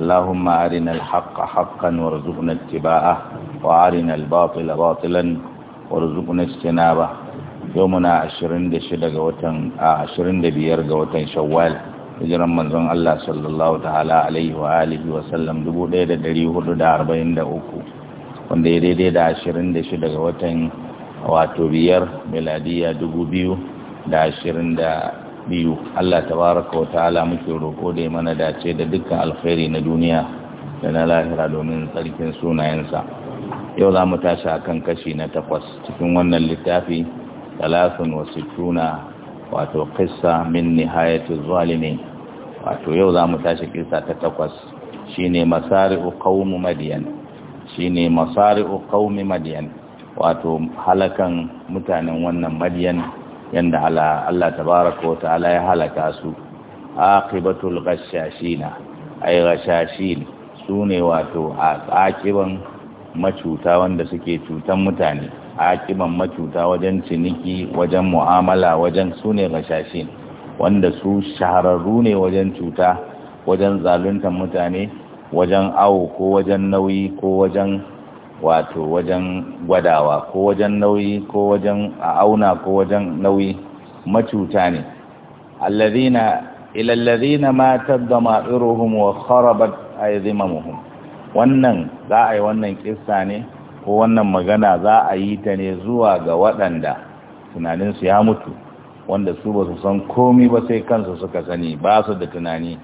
اللهم أرنا الحق حقا وارزقنا اتباعه وأرنا الباطل باطلا وارزقنا اجتنابه يومنا عشرين دشدة وتن عشرين دبير وتن شوال hijiran manzon Allah sallallahu ta'ala alaihi wa alihi wa sallam 1443 wanda ya daidai da 26 ga watan wato biyar miladiya 2025 biyu Allah tabaraka wa ta'ala muke roƙo da ya mana dace da dukkan alkhairi na duniya da na lahira domin tsarkin sunayensa yau za mu tashi a kan kashi na takwas cikin wannan littafi talafin wasu tuna wato qissa min nihayatu zalimin wato yau za mu tashi kissa ta takwas shine masari'u qaum madiyan shi ne masari'u qaum madiyan wato halakan mutanen wannan madiyan yanda Allah tabaraka wa ta'ala ya halaka su aqibatul ghashashina ay ghashashin sune wato a akiban macuta wanda suke cutan mutane akiban macuta wajen ciniki wajen mu'amala wajen sune ghashashin wanda su shahararru ne wajen cuta wajen zaluntar mutane wajen awo ko wajen nauyi ko wajen wato wajen gwadawa ko wajen nauyi ko wajen auna ko wajen nauyi macuta ne allazina ilallazina matar da ma'iruhum wa kharabat aizimamuhum wannan za a yi wannan kissa ne ko wannan magana za a yi ta ne zuwa ga waɗanda tunaninsu ya mutu wanda su ba su san komi ba sai kansu suka sani ba su da tunani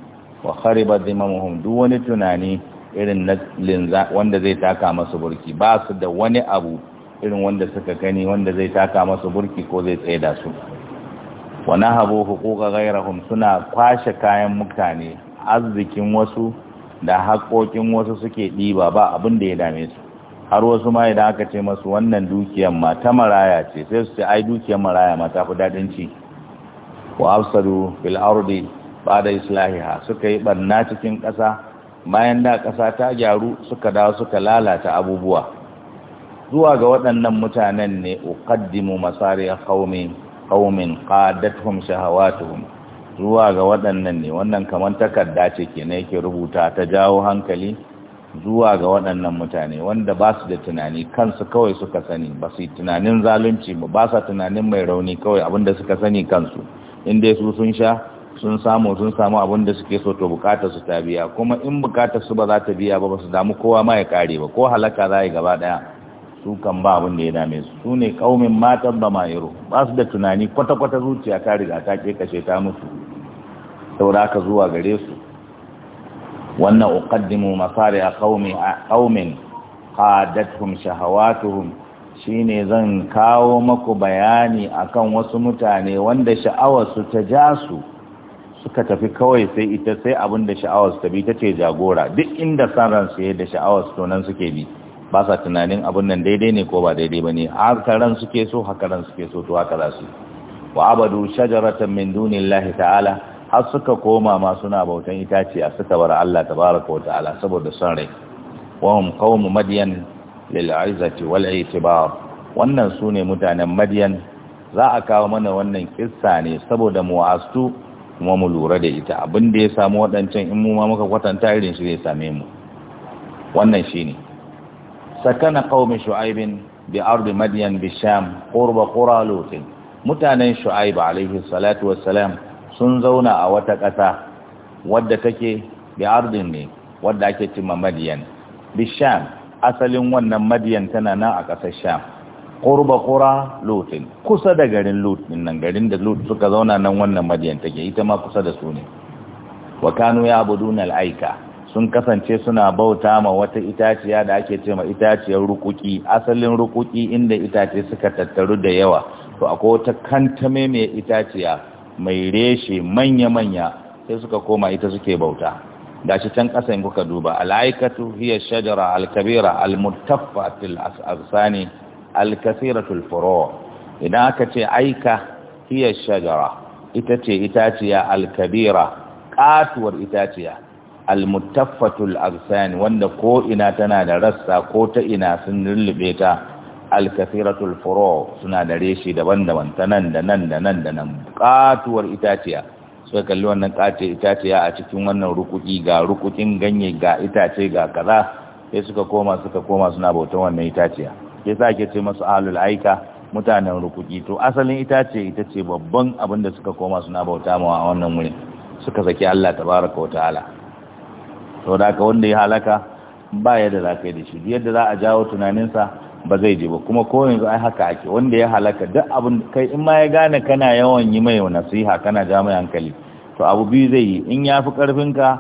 wa kharibat zimamuhum duk wani tunani irin na linza wanda zai taka masu burki ba su da wani abu irin wanda suka gani wanda zai taka masa burki ko zai da su wani habu hukuka gairahun suna kwashe kayan mutane arzikin wasu da haƙoƙin wasu suke ɗiba ba abin da ya dame su har wasu ma idan aka ce masu wannan dukiyar ma ta maraya ce sai su ce ai dukiyar maraya ma ta fi daɗin ci wa afsadu fil ardi ba da islahiha suka yi barna cikin ƙasa bayan da ƙasa ta gyaru suka dawo suka lalata abubuwa zuwa ga waɗannan mutanen ne uqaddimu masariya qaumin qaumin qadatuhum shahawatuhum zuwa ga waɗannan ne wannan kamar takarda ce kenan yake rubuta ta jawo hankali zuwa ga waɗannan mutane wanda ba su da tunani kansu kawai suka sani ba su yi tunanin zalunci ba ba sa tunanin mai rauni kawai abinda suka sani kansu inda su sun sha sun samu sun samu abin da suke so to bukatar su ta biya kuma in bukatar su ba za ta biya ba ba su damu kowa ma ya kare ba ko halaka za yi gaba daya su kan ba abin da ya dame su su ne kaumin matan ba ma'iro ba su da tunani kwata-kwata zuciya ta riga ta ke kashe ta musu da haka zuwa gare su wannan uqaddimu masari a kaumin qaumin qadatuhum shahawatuhum shine zan kawo maku bayani akan wasu mutane wanda sha'awarsu ta ja su suka tafi kawai sai ita sai abin da sha'awar ta bi ta ce jagora duk inda san ransu yadda da sha'awar su tonan suke bi ba sa tunanin abin nan daidai ne ko ba daidai ba ne haka ran suke so haka suke so to haka za su wa abadu shajaratan min Allah ta'ala har suka koma ma suna bautan a suka bar Allah tabaraka wa ta'ala saboda son rai wa hum qawmu madyan lil izzati wal itibar wannan sune mutanen madyan za a kawo mana wannan kissa ne saboda mu'astu kuma mu lura da ita abin da ya samu waɗancan in mu ma muka kwatanta irin shi zai same mu wannan shine sakana qaumi shu'aibin bi ardi madyan bi sham qurba qura lutin mutanen shu'aib alaihi salatu wassalam sun zauna a wata ƙasa wadda take bi ardi ne wadda ake cimma madyan bi sham asalin wannan madyan tana nan a ƙasar sham qurba qura lutin kusa da garin lut nan garin da lut suka zauna nan wannan madiyan take ita ma kusa da su ne wa kanu ya'buduna al-aika sun kasance suna bauta ma wata itaciya da ake ce ma itaciyar rukuki asalin rukuki inda itace suka tattaru da yawa to akwai wata kantame mai itaciya mai reshe manya-manya sai suka koma ita suke bauta gashi can kasan kuka duba al'aikatu hiya shajara al-kabira al-muttaffatil asani alkasiratul furu idan aka ce aika hiya shajara ita ce itaciya alkabira katuwar itaciya almuttaffatul absan wanda ko ina tana da rassa ko ta ina sun lullube ta alkasiratul furo suna da reshi daban-daban ta nan da nan da nan da nan katuwar itaciya sai kalli wannan kace itaciya a cikin wannan rukuki ga rukukin ganye ga itace ga kaza sai suka koma suka koma suna bautan wannan itaciya ke sa ke ce masu ahlul aika mutanen rukuki to asalin ita ce ita ce babban abin da suka koma suna bauta ma a wannan wuri suka saki Allah tabaraka wa ta'ala to da ka wanda ya halaka ba yadda za ka da shi yadda za a jawo tunaninsa ba zai je ba kuma ko yanzu ai haka ake wanda ya halaka duk abin kai in ma ya gane kana yawan yi mai nasiha kana ja mai hankali to abu biyu zai yi in ya fi karfinka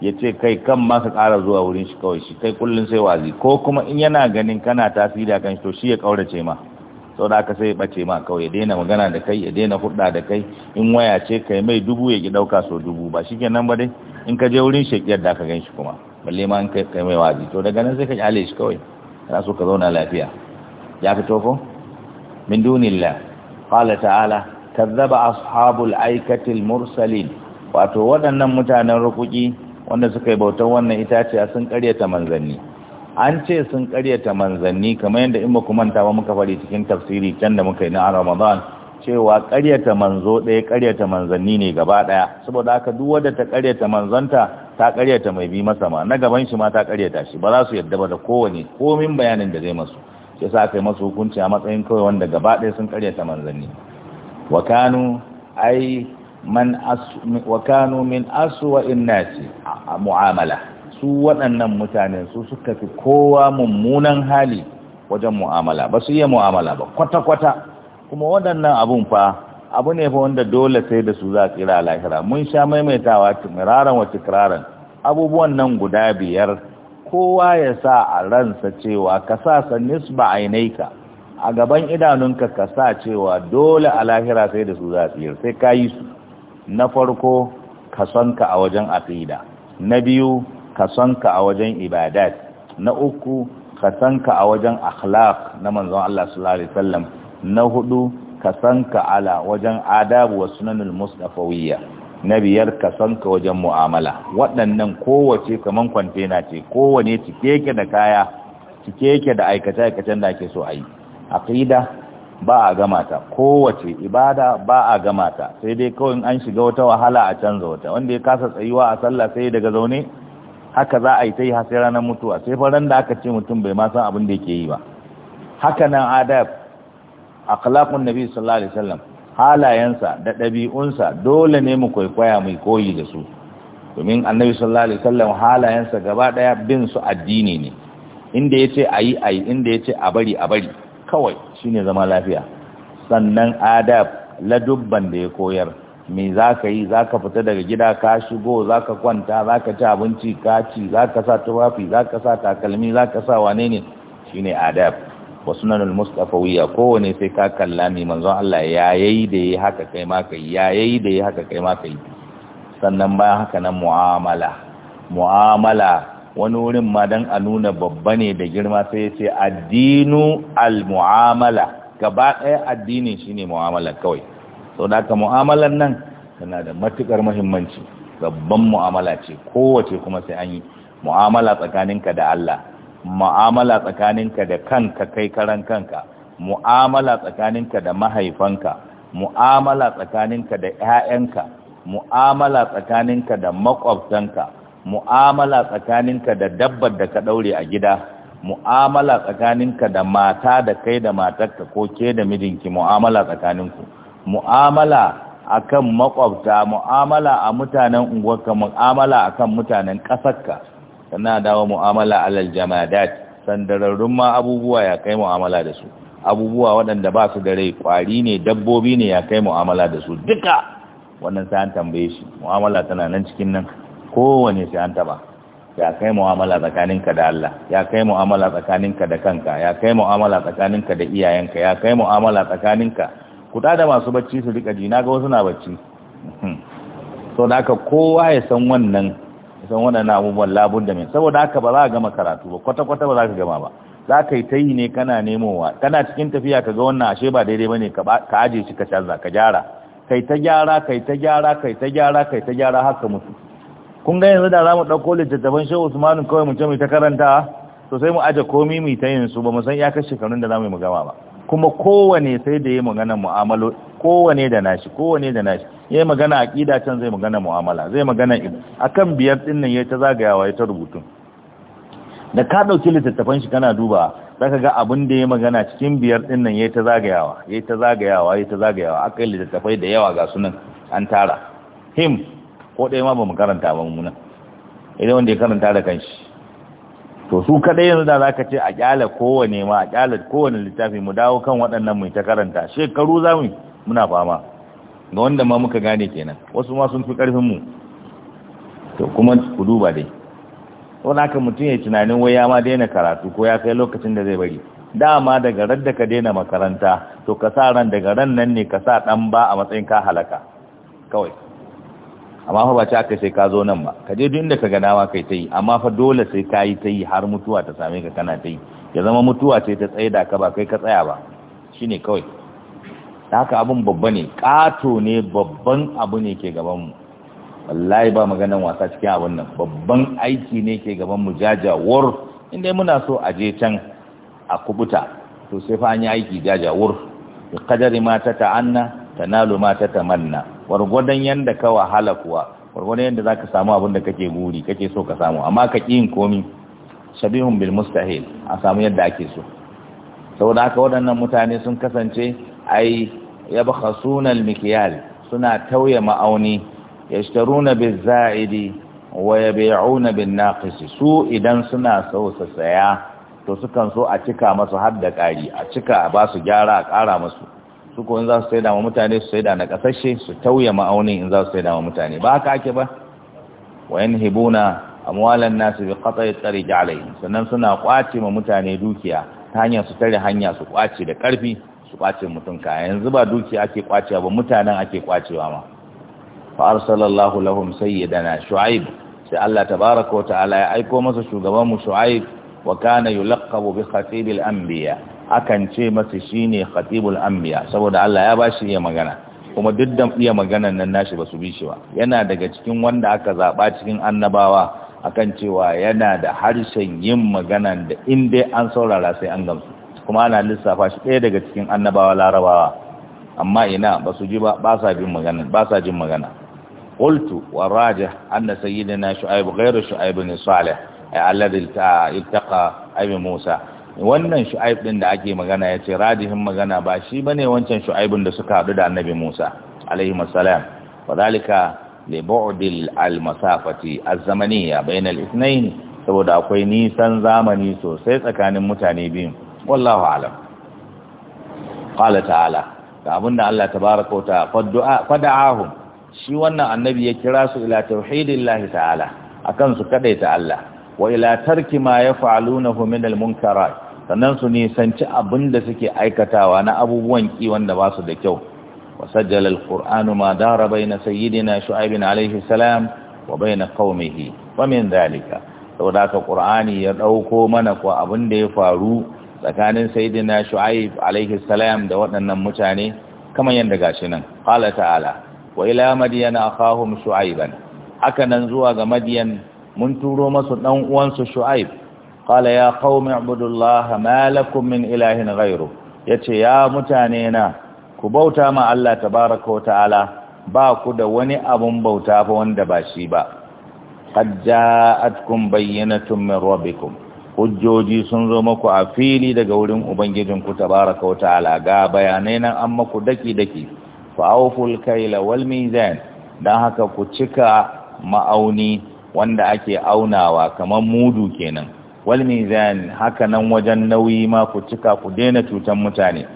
ya ce kai kan ma ka ƙara zuwa wurin shi kawai shi kai kullum sai wazi ko kuma in yana ganin kana tasiri a kan shi to shi ya ƙaurace ma sau da aka sai ya ɓace ma kawai ya daina magana da kai ya daina hudda da kai in waya ce kai mai dubu ya ki ɗauka sau dubu ba shi kenan ba dai in ka je wurin shi da aka gan shi kuma balle ma in kai kai mai wazi to daga nan sai ka kyale shi kawai ya so ka zauna lafiya ya fito ko min dunilla qala ta'ala kazzaba ashabul aikatil mursalin wato waɗannan mutanen rukuki wanda suka yi bautar wannan a sun karyata manzanni an ce sun karyata manzanni kamar yadda in muku manta ba muka fari cikin tafsiri can da muka yi na Ramadan cewa karyata manzo ɗaya karyata manzanni ne gaba ɗaya saboda haka duk wanda ta karyata manzanta ta karyata mai bi masa ma na gaban shi ma ta karyata shi ba za su yadda ba da kowane komin bayanin da zai masu sai sa kai masu hukunci a matsayin kawai wanda gaba ɗaya sun karyata manzanni wa kanu ai man wa kanu min aswa mu'amala su waɗannan mutane su suka fi kowa mummunan hali wajen mu'amala ba su iya mu'amala ba kwata-kwata kuma waɗannan abun fa abu ne fa wanda dole sai da su za a tsira lahira mun sha maimaitawa tumiraran wa tikraran abubuwan nan guda biyar kowa ya sa a ransa cewa ka sa sa nisba ainaika a gaban idanunka ka sa cewa dole a lahira sai da su za su yi. sai ka yi su na farko ka ka a wajen aqida na biyu ka ka a wajen ibadat na uku ka ka a wajen akhlaq na manzon Allah sallallahu alaihi wasallam na hudu kasanka ala wajen adabu wa sunanul mustafawiyya na biyar kasanka wajen mu'amala waɗannan kowace kaman kwantena ce kowane cike yake da kaya cike yake da aikace-aikacen da ake so a yi aqida ba a gama ta kowace ibada ba a gama ta sai dai kawai an shiga wata wahala a canza wata wanda ya kasa tsayuwa a sallah sai daga zaune haka za a yi ta yi hasi ranar mutuwa sai faran da aka ce mutum bai ma san abin da yake yi ba haka nan adab akhlaqun nabi sallallahu alaihi wasallam halayensa da ɗabi'unsa dole ne mu kwaikwaya mu koyi da su domin annabi sallallahu alaihi wasallam halayensa gaba ɗaya bin su addini ne inda yace ayi ayi inda yace a bari a bari kawai shine zama lafiya sannan adab ladubban da ya koyar me za ka yi za ka fita daga gida ka shigo za ka kwanta za ka ci abinci ka ci za ka sa tufafi za ka sa takalmi za ka sa wane ne shi ne adab wasu nanul mustafawiya kowane sai ka kalla mai manzon Allah ya yayi da ya haka kai ma kai ya yayi da ya haka kai ma kai sannan bayan haka nan mu'amala mu'amala wani wurin ma dan a nuna babba ne da girma sai ya ce addinu al-mu'amala gaba ɗaya addini shine mu'amala kawai sau da aka mu'amalan nan tana da matukar muhimmanci babban mu'amala ce kowace kuma sai an yi mu'amala tsakaninka da Allah mu'amala tsakaninka da kanka kai karan kanka mu'amala tsakaninka da mahaifanka mu'amala tsakaninka da 'ya'yanka mu'amala tsakaninka da makwabtanka mu'amala tsakaninka da dabbar da ka ɗaure a gida mu'amala tsakaninka da mata da kai da matarka ko ke da mijinki mu'amala tsakaninku mu'amala akan makwabta mu'amala a mutanen unguwarka mu'amala akan mutanen ƙasarka sannan dawo mu'amala alal jamadat sandararrun ma abubuwa ya kai mu'amala da su abubuwa waɗanda ba su da rai kwari ne dabbobi ne ya kai mu'amala da su duka wannan sa'an tambaye shi mu'amala tana nan cikin nan kowane sai an taba ya kai mu'amala tsakaninka da Allah ya kai mu'amala tsakaninka da kanka ya kai mu'amala tsakaninka da iyayenka ya kai mu'amala tsakaninka kuda da masu bacci su rika ji naga wasu na bacci so da aka kowa ya san wannan ya san wannan abubuwan labun da mai saboda haka ba za ka gama karatu ba kwata kwata ba za ka gama ba za ka yi ta yi ne kana nemowa kana cikin tafiya ka ga wannan ashe ba daidai bane ka ka aje shi ka canza ka gyara kai ta gyara kai ta gyara kai ta gyara kai ta gyara haka mutu kun ga yanzu da za mu ɗauko littattafan shehu usmanu kawai mu ce mai ta karanta to sai mu aje komi mu ta yin su ba mu san kashe kanun da za mu yi mu gama ba kuma kowane sai da ya magana mu'amalo kowane da nashi kowane da nashi ya yi magana ƙida can zai magana mu'amala zai magana a kan biyar ɗin nan ya ta zagayawa ya ta rubutu da ka ɗauki littattafan shi kana duba za ka ga abin da ya magana cikin biyar ɗin nan ya ta zagayawa ya ta zagayawa ya ta zagayawa aka yi littattafai da yawa ga sunan an tara him ko ɗaya ma ba mu karanta ba nan. idan wanda ya karanta da kanshi to su kadai yanzu da zaka ce a kyala kowane ma a kyala kowane littafi mu dawo kan waɗannan mu ta karanta shekaru za mu muna fama ga wanda ma muka gane kenan wasu ma sun fi karfin mu to kuma ku duba dai wani haka mutum ya tunanin wai ya ma daina karatu ko ya kai lokacin da zai bari dama daga ran da ka daina makaranta to ka sa ran daga ran nan ne ka sa dan ba a matsayin ka halaka kawai amma fa ba ta aka sai ka zo nan ba ka je duk inda ka ga nawa kai ta yi amma fa dole sai ka yi ta yi har mutuwa ta same ka kana ta yi ya zama mutuwa ce ta tsaye da ka ba kai ka tsaya ba shine kawai da haka abin babba ne ƙato ne babban abu ne ke gabanmu wallahi ba maganan wasa cikin abin nan babban aiki ne ke gabanmu jajawar inda muna so a je can a kubuta to sai fa an yi aiki jajawar da kadari ma ta ta'anna ta nalo ma ta tamanna gwargwadon yadda ka wahala kuwa gwargwadon za ka samu abin da kake guri kake so ka samu amma ka yin komi shabihun bil mustahil a samu yadda ake so saboda haka waɗannan mutane sun kasance ai yabkhasuna sunan mikyal suna tauye ma'auni ya yashtaruna bil za'idi wa ya yabi'una bin naqis su idan suna so su saya to sukan so a cika masu har da ƙari a cika a ba su gyara a ƙara masu su ko in za su saida wa mutane su saida na kasashe su tauya ma'aunin in za su saida wa mutane ba haka ake ba wa Hibuna, amwalan nas bi qat'i tariq alayhi sannan suna kwace ma mutane dukiya ta hanyar su tare hanya su kwace da karfi su kwace mutum ka yanzu ba dukiya ake kwacewa ba mutanen ake kwacewa ma fa arsalallahu lahum sayyidana shu'aib sai Allah tabaaraka wa ta'ala ya aika masa shugaban mu shu'aib wa kana yulaqabu bi khatib al-anbiya akan ce masa ne khatibul Ambiya saboda Allah ya ba shi iya magana kuma duk da iya maganan nan nashi ba su bi shi ba yana daga cikin wanda aka zaba cikin annabawa akan cewa yana da harshen yin magana da in dai an saurara sai an gamsu kuma ana lissafa shi ɗaya daga cikin annabawa larabawa amma ina ba su ji ba ba sa jin magana ba sa jin magana qultu wa rajah anna sayyidina shu'aib ghayru shu'aib ibn salih alladhi iltaqa abi musa wannan shu'aib din da ake magana ya ce rajihin magana ba shi bane wancan shu'aibin da suka haɗu da annabi Musa alaihi assalam wadalika li bu'dil al masafati az zamaniyya bayna al ithnayn saboda akwai nisan zamani sosai tsakanin mutane biyu wallahu a'lam qala ta'ala ga abinda Allah tabaaraka wa ta'ala fad'ahum shi wannan annabi ya kira su ila tauhidillahi ta'ala akan su kadaita Allah wa ila tarki ma yaf'alunahu min al munkarat sannan su nisanci abin da suke aikatawa na abubuwan ki da ba su da kyau wa sajjala alqur'anu ma dara baina sayyidina shu'aib alayhi salam wa baina qaumihi wa min dalika saboda ka qur'ani ya dauko mana ko abin da ya faru tsakanin sayyidina shu'aib alayhi salam da waɗannan mutane kamar yadda gashi nan qala ta'ala wa ila madyana akahum shu'aiban haka nan zuwa ga madyan mun turo masu dan uwansu shu'aib qala ya qaumi ibudullaha ma lakum min ilahin ghayru yace ya mutane na ku bauta ma Allah tabaaraka wa ta'ala ba ku da wani abun bauta fa wanda ba shi ba qad bayyana bayyinatun min rabbikum hujjoji sun zo maku a fili daga wurin ubangijinku tabaaraka wa ta'ala ga bayanai nan an maku daki daki fa kayla wal mizan dan haka ku cika ma'auni wanda ake aunawa kamar mudu kenan wal mizan haka nan wajen nauyi ma ku cika ku daina cutan mutane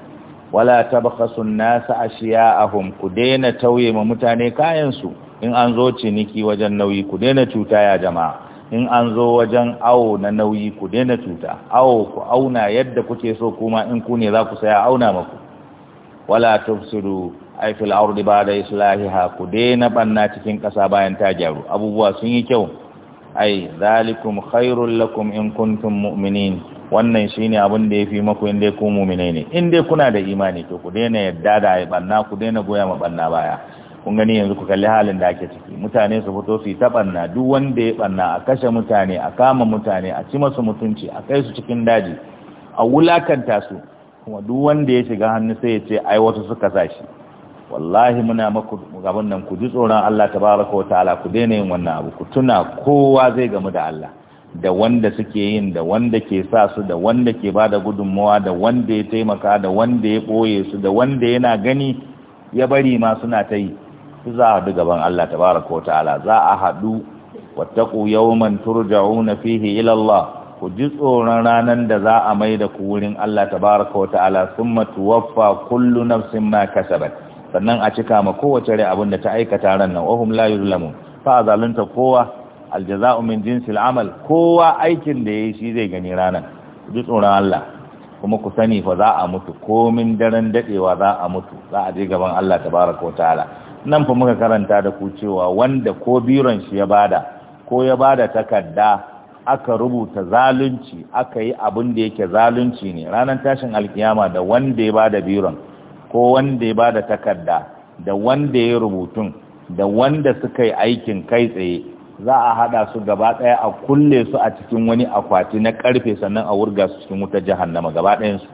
wala tabkhasu an-nasa ashiya'ahum ku daina tauye ma mutane kayansu. in an zo ciniki wajen nauyi ku daina cuta ya jama'a in an zo wajen awo na nauyi ku daina cuta awo ku auna yadda kuke so kuma in ku ne za ku saya auna maku wala tufsidu ay fil ardi ba'da islahiha ku daina banna cikin kasa bayan ta gyaru abubuwa sun yi kyau ai zalikum khairul lakum in kuntum mu'minin wannan shine abin da yafi maku in dai ku mu'mine ne in dai kuna da imani to ku daina yadda da ai banna ku daina goya ma banna baya kun gani yanzu ku kalli halin da ake ciki mutane su fito su ta banna duk wanda ya banna a kashe mutane a kama mutane a ci masu mutunci a kai su cikin daji a wulakanta su kuma duk wanda ya shiga hannu sai ya ce ai wasu suka sa shi wallahi muna maku gaban nan ku ji tsoron Allah tabaraka wa ta'ala ku daina yin wannan abu ku tuna kowa zai gamu da Allah da wanda suke yin da wanda ke sa su da wanda ke ba da gudunmawa da wanda ya taimaka da wanda ya ɓoye su da wanda yana gani ya bari ma suna ta yi su za a haɗu gaban Allah tabaraka wa ta'ala za a haɗu wattaku yawman turja'una fihi ila Allah ku ji tsoron ranar da za a mai da ku wurin Allah tabaraka wa ta'ala summa tuwaffa kullu nafsin ma kasabat sannan a cika ma kowace rai abin da ta aikata ran nan wahum la yuzlamun fa zalunta kowa aljaza'u min la'amal. al'amal kowa aikin da yayi shi zai gani ranan ji tsoron Allah kuma ku sani fa za a mutu komin daren dadewa za a mutu za a je gaban Allah tabaraka wa ta'ala nan fa muka karanta da ku cewa wanda ko biron shi ya bada ko ya bada takarda aka rubuta zalunci aka yi abin da yake zalunci ne ranar tashin alkiyama da wanda ya bada biron ko wanda ya ba da takarda da wanda ya rubutun da wanda suka yi aikin kai tsaye za a hada su gaba daya a kulle su a cikin wani akwati na karfe sannan a wurga su cikin wutar jahannama gaba ɗayan su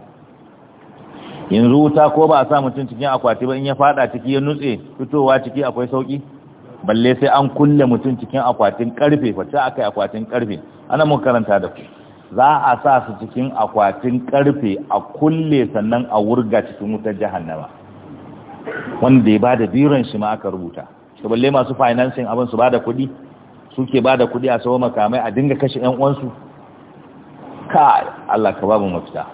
yanzu wuta ko ba a sa mutum cikin akwati ba in ya fada ciki ya nutse fitowa ciki akwai sauki balle sai an kulle mutum cikin akwatin karfe fa ta akai akwatin karfe ana mun karanta da ku za a sa su cikin akwatin karfe a kulle sannan a wurga cikin wutar jahannama wanda ya bada biran shi ma aka rubuta to balle masu financing abin su bada kuɗi suke bada kuɗi a sawo makamai a dinga kashe ƴan uwansu ka Allah ka babu mafita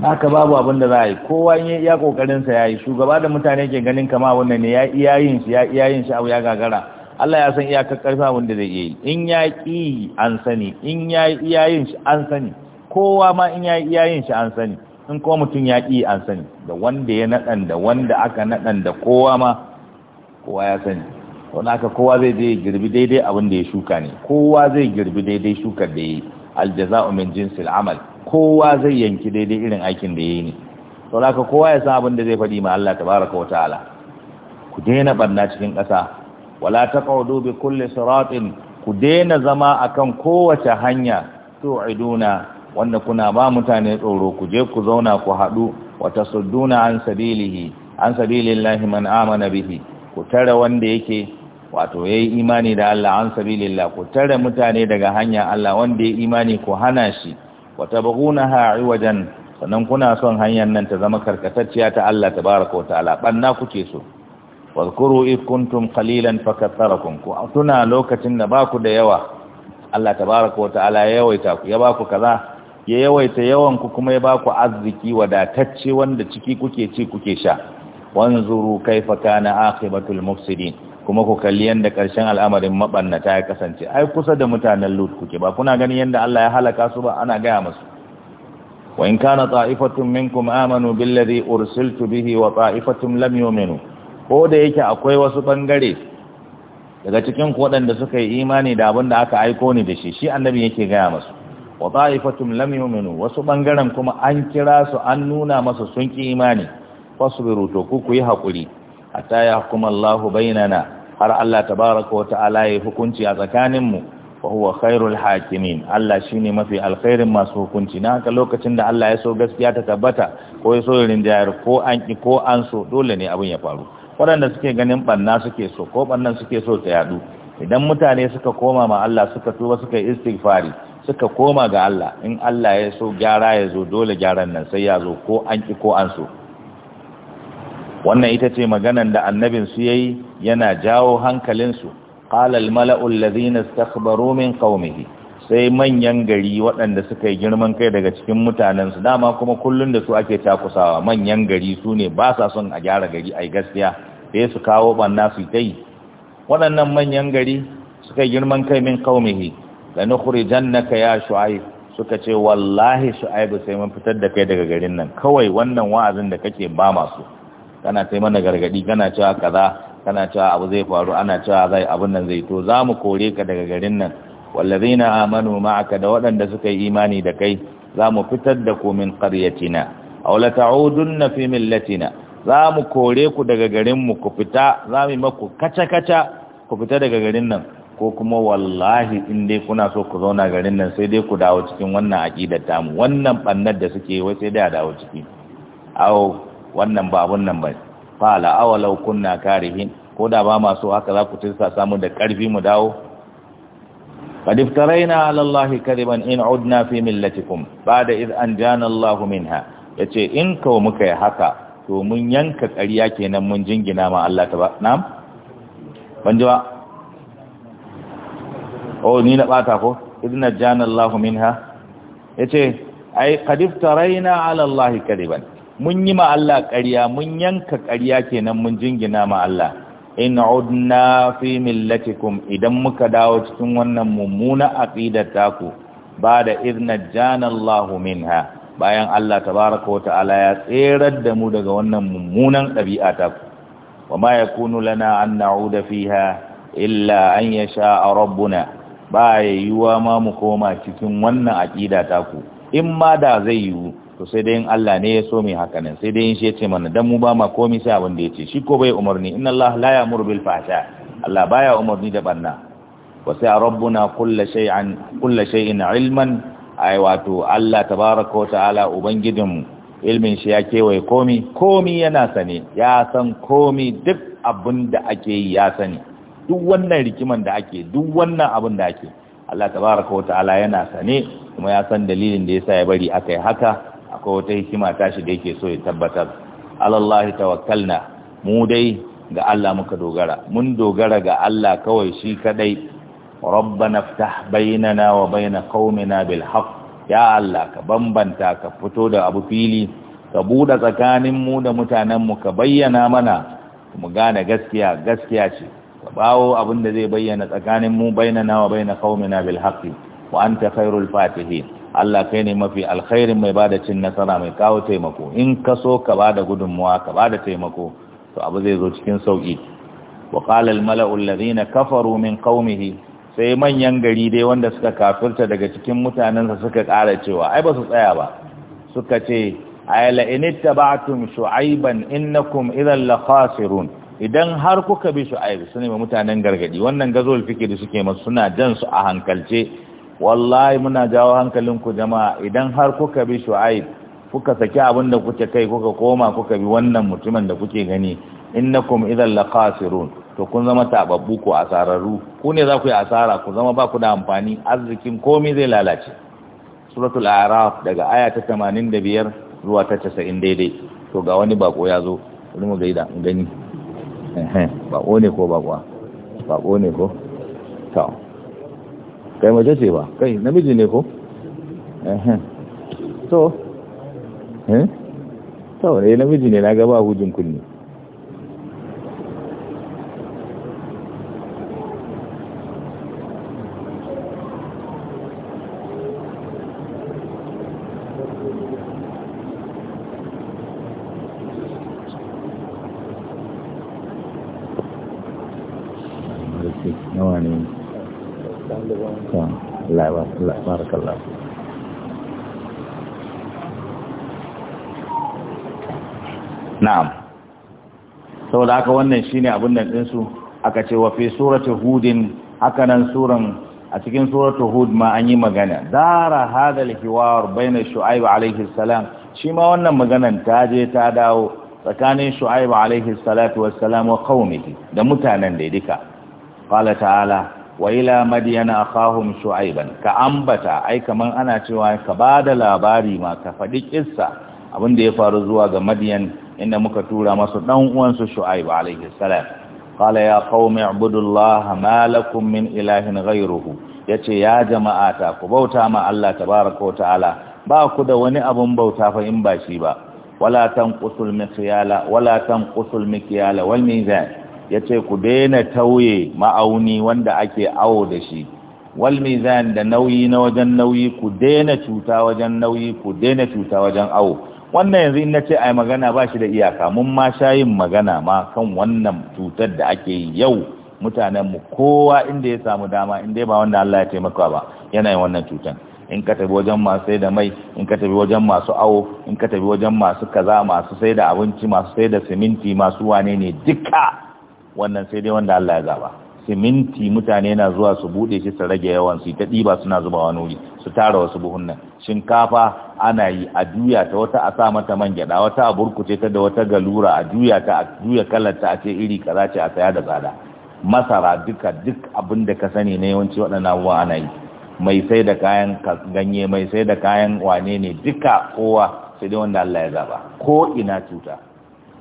haka babu abin da za a yi kowa in ya iya kokarin sa yayi shugaba da mutane ke ganin kama wannan ne ya iya yin shi ya iya yin shi abu ya gagara Allah ya san iyakar karfa wanda zai yi in ya ki an sani in ya iyayin shi an sani kowa ma in ya iyayin shi an sani in kuma mutum ya ki an sani da wanda ya nadan da wanda aka nadan da kowa ma kowa ya sani wani aka kowa zai je girbi daidai abin da ya shuka ne kowa zai girbi daidai shukar da ya yi aljaza'u min jinsil amal kowa zai yanki daidai irin aikin da ya yi ne Wani aka kowa ya san abin da zai faɗi ma Allah tabaraka wa ta'ala ku daina barna cikin ƙasa wala taqudu bi kulli siratin ku daina zama akan kowace hanya tu'iduna wanda kuna ba mutane tsoro ku je ku zauna ku haɗu wa tasudduna an sabilihi an sabilillahi man amana bihi ku tare wanda yake wato yayi imani da Allah an sabilillah ku tare mutane daga hanya Allah wanda yayi imani ku hana shi wa tabghunaha iwajan sannan kuna son hanyar nan ta zama karkatacciya ta Allah tabaaraka wa ta'ala banna kuke so wadkuru id kuntum qalilan fakatharakum ku tuna lokacin da baku da yawa Allah tabaaraka wa ta'ala ya yawaita ku ya baku kaza ya yawaita yawan ku kuma ya baku arziki wadatacce wanda ciki kuke ci kuke sha wanzuru kaifa kana aqibatul mufsidin kuma ku kalli yanda karshen al'amarin mabannata ya kasance ai kusa da mutanen lut kuke ba kuna ganin yanda Allah ya halaka su ba ana gaya musu wa in kana ta'ifatun minkum amanu billadhi ursiltu bihi wa ta'ifatun lam yu'minu ko da yake akwai wasu bangare daga cikin waɗanda suka yi imani da abin da aka aiko ni da shi shi annabi yake gaya masu wa ta'ifatum lam yu'minu wasu bangaren kuma an kira su an nuna masa sun ki imani fasbiru to ku yi hakuri hatta yahkum Allahu bainana har Allah tabaaraka wa ta'ala ya hukunci a tsakanin mu wa huwa khairul hakimin Allah shine mafi alkhairin masu hukunci na haka lokacin da Allah ya so gaskiya ta tabbata ko ya so rinjayar ko an ki ko an so dole ne abin ya faru waɗanda suke ganin ɓanna suke so ko ɓannan suke so ta yadu idan mutane suka koma ma Allah suka tuba suka yi istighfari suka koma ga Allah in Allah ya so gyara ya zo dole gyaran nan sai ya zo ko an ki ko an so wannan ita ce maganan da annabin su yayi yana jawo hankalinsu, su qala al mala'u alladhina istakhbaru min qaumihi sai manyan gari waɗanda suka yi girman kai daga cikin mutanensu dama kuma kullum da su ake takusawa manyan gari su ne ba sa son a gyara gari a gaskiya sai su kawo banna su ta yi waɗannan manyan gari suka yi girman kai min kaumihi da nukuri na kaya shu'ai suka ce wallahi ba sai mun fitar da kai daga garin nan kawai wannan wa'azin da kake ba masu kana sai mana gargaɗi kana cewa kaza kana cewa abu zai faru ana cewa zai abun nan zai to za mu kore ka daga garin nan wallazina amanu ma'aka da waɗanda suka yi imani da kai za mu fitar da ku min qaryatina aw la ta'udunna fi millatina za mu kore ku daga garinmu mu ku fita za mu maku kaca kaca ku fita daga garin nan ko kuma wallahi in dai kuna so ku zauna garin nan sai dai ku dawo cikin wannan aqidar tamu wannan bannar da suke wai sai dai a dawo ciki aw wannan babun nan ba fala awalau kunna karihin ko da ba ma so haka za ku tilsa samu da karfi mu dawo قد افترينا على الله كذبا إن عدنا في ملتكم بعد إذ أنجانا الله منها يتي إن كومك haka to mun yanka ƙarya kenan mun jingina ma Allah ta ba na'am ban ji ba oh ni na bata ko Allah minha yace ai qad iftaraina ala Allah kadiban mun yi ma Allah ƙarya mun yanka ƙarya kenan mun jingina ma Allah in udna fi millatikum idan muka dawo cikin wannan mummuna aqidar taku ba da idna jana minha bayan Allah tabaaraka wa ta'ala ya tserar da mu daga wannan mummunan ɗabi'a taku wa ma yakunu lana an na'uda fiha illa an yasha rabbuna ba yiwuwa ma mu koma cikin wannan aqida taku in ma da zai yiwu to sai dai in Allah ne ya so mai haka nan sai dai in shi ya ce mana dan mu ba ma komai sai abin da ya ce shi ko bai umarni inna Allah la ya'muru bil fahsha Allah baya umarni da banna wa sai rabbuna kullu shay'an kullu shay'in ilman ai wato Allah tabaaraka wa ta'ala ubangijin ilmin shi ya kewaye komi komi yana sane ya san komi duk abin da ake yi ya sani duk wannan rikiman da ake duk wannan abin da ake Allah tabaaraka wa ta'ala yana sane kuma ya san dalilin da yasa ya bari akai haka akwai wata hikima tashi da yake so ya tabbatar alallahi tawakkalna mu dai ga Allah muka dogara mun dogara ga Allah kawai shi kadai rabbana ftah bainana wa bain qaumina bil haqq ya Allah ka bambanta ka fito da abu fili ka buɗe tsakanin mu da mutanen mu ka bayyana mana mu gane gaskiya gaskiya ce ka bawo abin da zai bayyana tsakanin mu bainana wa bain qaumina bil haqq wa anta khairul fatihin Allah kai ne mafi alkhairin mai bada cin nasara mai kawo taimako in ka so ka bada gudunmuwa ka bada taimako to abu zai zo cikin sauki wa qala al mala'u alladhina kafaru min qaumihi sai manyan gari dai wanda suka kafirta daga cikin mutanensa suka kara cewa ai ba su tsaya ba suka ce ay la in ittaba'tum shu'ayban innakum idhan la khasirun idan har kuka bi shu'ayb sune mutanen gargadi wannan gazol fikiri suke masu suna jan su a hankalce wallahi muna jawo hankalinku jama'a idan har kuka bi shu'aib kuka saki abin da kuke kai kuka koma kuka bi wannan mutumin da kuke gani innakum idhal laqasirun to kun zama tababbu ko asararru ku ne za ku yi asara ku zama ba ku da amfani arzikin komai zai lalace suratul a'raf daga aya ta 85 zuwa ta 90 daidai to ga wani bako ya zo bari mu gaida gani bako ne ko bako bako ne ko to kai maje ce ba kai namiji ne ko to eh to ne eh, namiji ne na gaba hujin kunni Thank you. لا لا بارك الله na'am saboda haka wannan shine abin nan din su aka ce wa fi surati hudin haka nan suran a cikin suratu hud ma an yi magana dara hadal hiwar baina shu'aib alaihi salam shi ma wannan maganan ta je ta dawo tsakanin shu'aib alaihi salatu wassalam wa qaumihi da mutanen da duka qala ta'ala wa ila madiyana akhahum shu'aiban ka ambata ai kaman ana cewa ka bada labari ma ka faɗi kissa abinda ya faru zuwa ga madiyan inda muka tura masu dan uwan su shu'aib alaihi salam qala ya qaumi ibudullaha ma lakum min ilahin ghayruhu yace ya jama'ata ku bauta ma Allah tabaaraka wa ta'ala ba ku da wani abun bauta fa in ba shi ba wala tanqusul mikyala wala tanqusul mikyala wal mizan ya ce ku daina tauye ma'auni wanda ake awo da shi wal mizan da nauyi na wajen nauyi ku daina cuta wajen nauyi ku daina cuta wajen awo wannan yanzu in nace ai magana ba shi da iyaka mun ma sha magana ma kan wannan cutar da ake yi yau mutanen mu kowa inda ya samu dama inda ba wanda Allah ya taimaka ba yana yin wannan cutar in ka tafi wajen masu sai da mai in ka tafi wajen masu awo in ka tafi wajen masu kaza masu sai da abinci masu sai da siminti masu wane ne duka wannan sai dai wanda Allah ya zaba siminti mutane na zuwa su bude shi su rage yawan su ta diba suna zuba wani wuri su tara wasu buhunnan shinkafa ana yi a juya ta wata a sa mata man gyada wata a burkuce ta da wata galura a juya ta a juya kalar ta a ce iri kaza ce a saya da tsada masara duka duk abin da ka sani na yawanci waɗannan abubuwa ana yi mai sai da kayan ganye mai sai da kayan wane ne duka kowa sai dai wanda Allah ya zaba ko ina cuta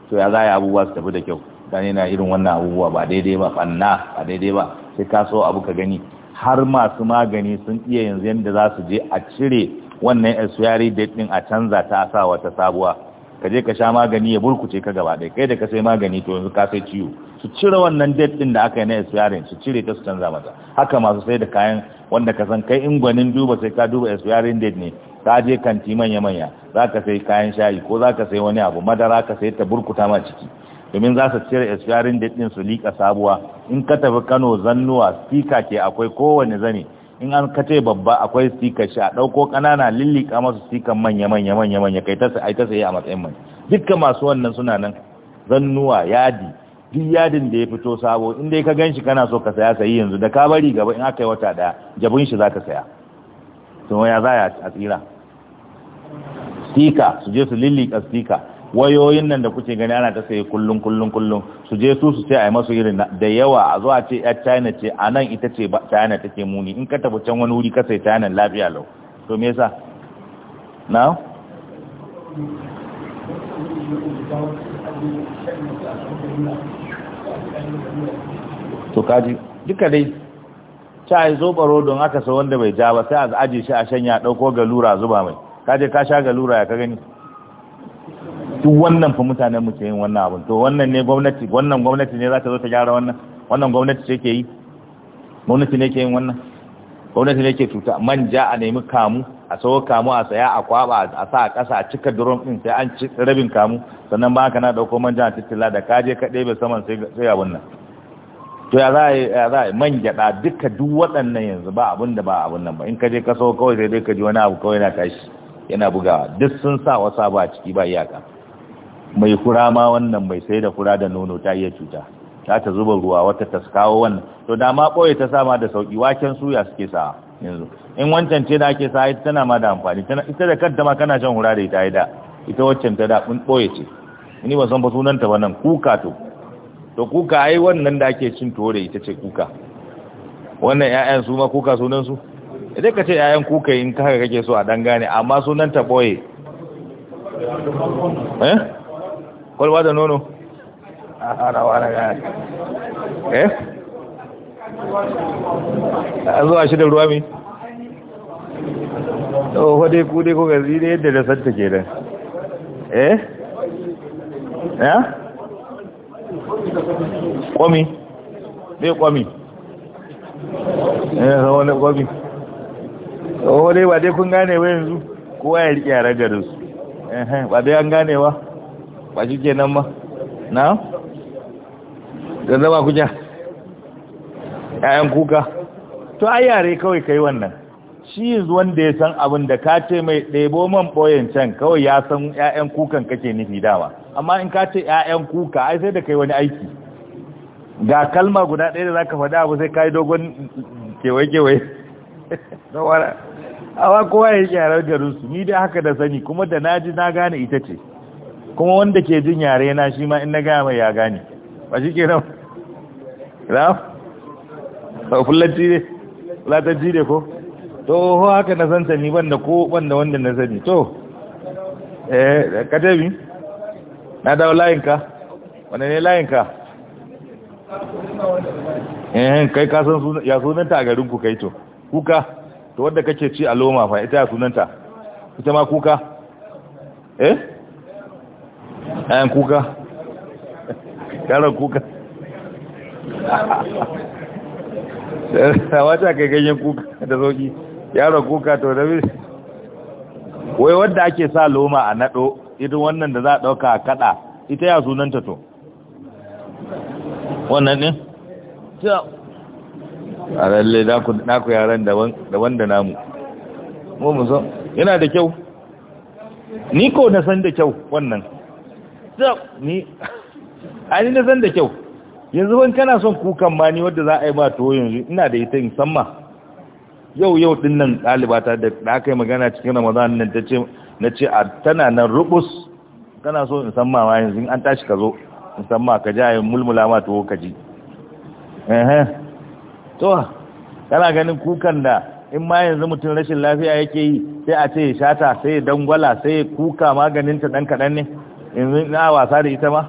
to ya za ya abubuwa su tafi da kyau gani na irin wannan abubuwa ba daidai ba banna ba daidai ba sai ka so abu ka gani har masu magani sun iya yanzu yadda za su je a cire wannan expiry date din a canza ta sa wata sabuwa ka je ka sha magani ya burkuce ka gaba ɗaya kai da ka sai magani to yanzu ka sai ciwo su cire wannan date din da aka yi na expiry su cire ta su canza mata haka masu sai da kayan wanda ka san kai in gwanin duba sai ka duba expiry date ne ka je kanti manya-manya za ka sai kayan shayi ko za ka sai wani abu madara ka sai ta burkuta ma ciki domin za su cire isfiyarin date su liƙa sabuwa in ka tafi Kano zannuwa stika ke akwai kowane zane in an kace babba akwai stika shi a ɗauko ƙanana lilliƙa masu stikan manya manya manya manya kai ta sai ta sai a matsayin mai dukkan masu wannan suna nan zannuwa yadi duk yadin da ya fito sabo in dai ka shi kana so ka saya sayi yanzu da ka bari gaba in aka yi wata daya jabin shi za ka saya to ya za a tsira stika su je su lillika stika wayoyin nan da kuke gani ana ta saye kullum kullum kullum su je su su ce a yi masu irin da yawa a zuwa ce yar china ce a nan ita ce china take muni in ka tafi can wani wuri ka sai china lafiya lau to me yasa na to kaji duka dai ta yi zobaro don aka sa wanda bai ja ba sai a aje shi a shanya ɗauko galura zuba mai kaje ka sha galura ya ka gani duk wannan fa mutanen mu ke yin wannan abin to wannan ne gwamnati wannan gwamnati ne za ta zo ta gyara wannan wannan gwamnati ce ke yi gwamnati ne ke yin wannan gwamnati ne ke tuta ja a nemi kamu a sayo kamu a saya a kwaba a sa a ƙasa a cika durom din sai an ci rabin kamu sannan ba ka na dauko manja a titila da kaje ka ɗebe saman sai sai abin nan to ya za ya za man gyada duka duk waɗannan yanzu ba abin da ba abin nan ba in ka je ka sayo kawai sai dai ka ji wani abu kawai na tashi yana bugawa duk sun sa wasa ba ciki ba iyaka mai kura ma wannan mai sai da kura da nono ta iya cuta ta ta zuba ruwa wata ta kawo wannan to da ma ɓoye ta sama da sauƙi waken suya suke sa yanzu in wancan ce da ake sa ita tana ma da amfani ita da kanta ma kana shan hura da ita da ita waccan ta da ɓoye ce ni ba san ba sunanta ba nan kuka to to kuka ai wannan da ake cin tuwo da ita ce kuka wannan ƴaƴan su ma kuka sunan su idan ka ce ƴaƴan kuka in ka kake so a dan gane amma sunan ta ɓoye eh kwalwa da nono ah, eh? a harawa na gani eh an zuwa shi da ruwa mai tsoho dai kude ko gazi zira yadda da santa ke da eh ya kwami ɗai kwami ya eh, zama wani kwami tsoho dai ba dai kun gane wa yanzu kowa ya riƙe a ragarinsu ba dai an ganewa ba shi kenan ba na zanzan kuja ƴaƴan kuka to ai yare kawai kai wannan shi yanzu wanda ya san abin da ka ce mai ɗebo man ɓoyen can kawai ya san ƴaƴan kukan kake nufi dama amma in ka ce ƴaƴan kuka ai sai da kai wani aiki ga kalma guda ɗaya da za ka faɗa abu sai ka yi dogon kewaye-kewaye Amma kowa ya yi garinsu ni dai haka da sani kuma da na ji na gane ita ce kuma wanda ke jin yare na shi ma in na gaya mai ya gani ba shi ke nan raf ne na dawo layinka Wane ne layinka eh kai ka san ya sunanta a garin ku kai to kuka to wanda kake ci a loma fa ita ya sunanta ita ma kuka eh ayan kuka yaran kuka wata kai ganyen kuka da zoki Yaron kuka to da wai wadda ake sa loma a nado idan wannan da za a dauka a kada ita ya sunanta to wannan ne? a lalle naku yaran daban da namu mu musamman yana da kyau ni ko na san da kyau wannan ni ani na san da kyau yanzu wani kana son kukan ma ni wadda za a yi ba to yanzu ina da ita samma. yau yau din nan ɗalibata da aka yi magana cikin ramadan nan ta ce na ce a tana nan rubus kana so in samma ma yanzu an tashi ka zo in samma. ka ja yin mulmula ma to ka ji eh to kana ganin kukan da in ma yanzu mutum rashin lafiya yake yi sai a ce ya shata sai ya dangwala sai ya kuka maganin ta ɗan kaɗan ne yanzu na wasa da ita ma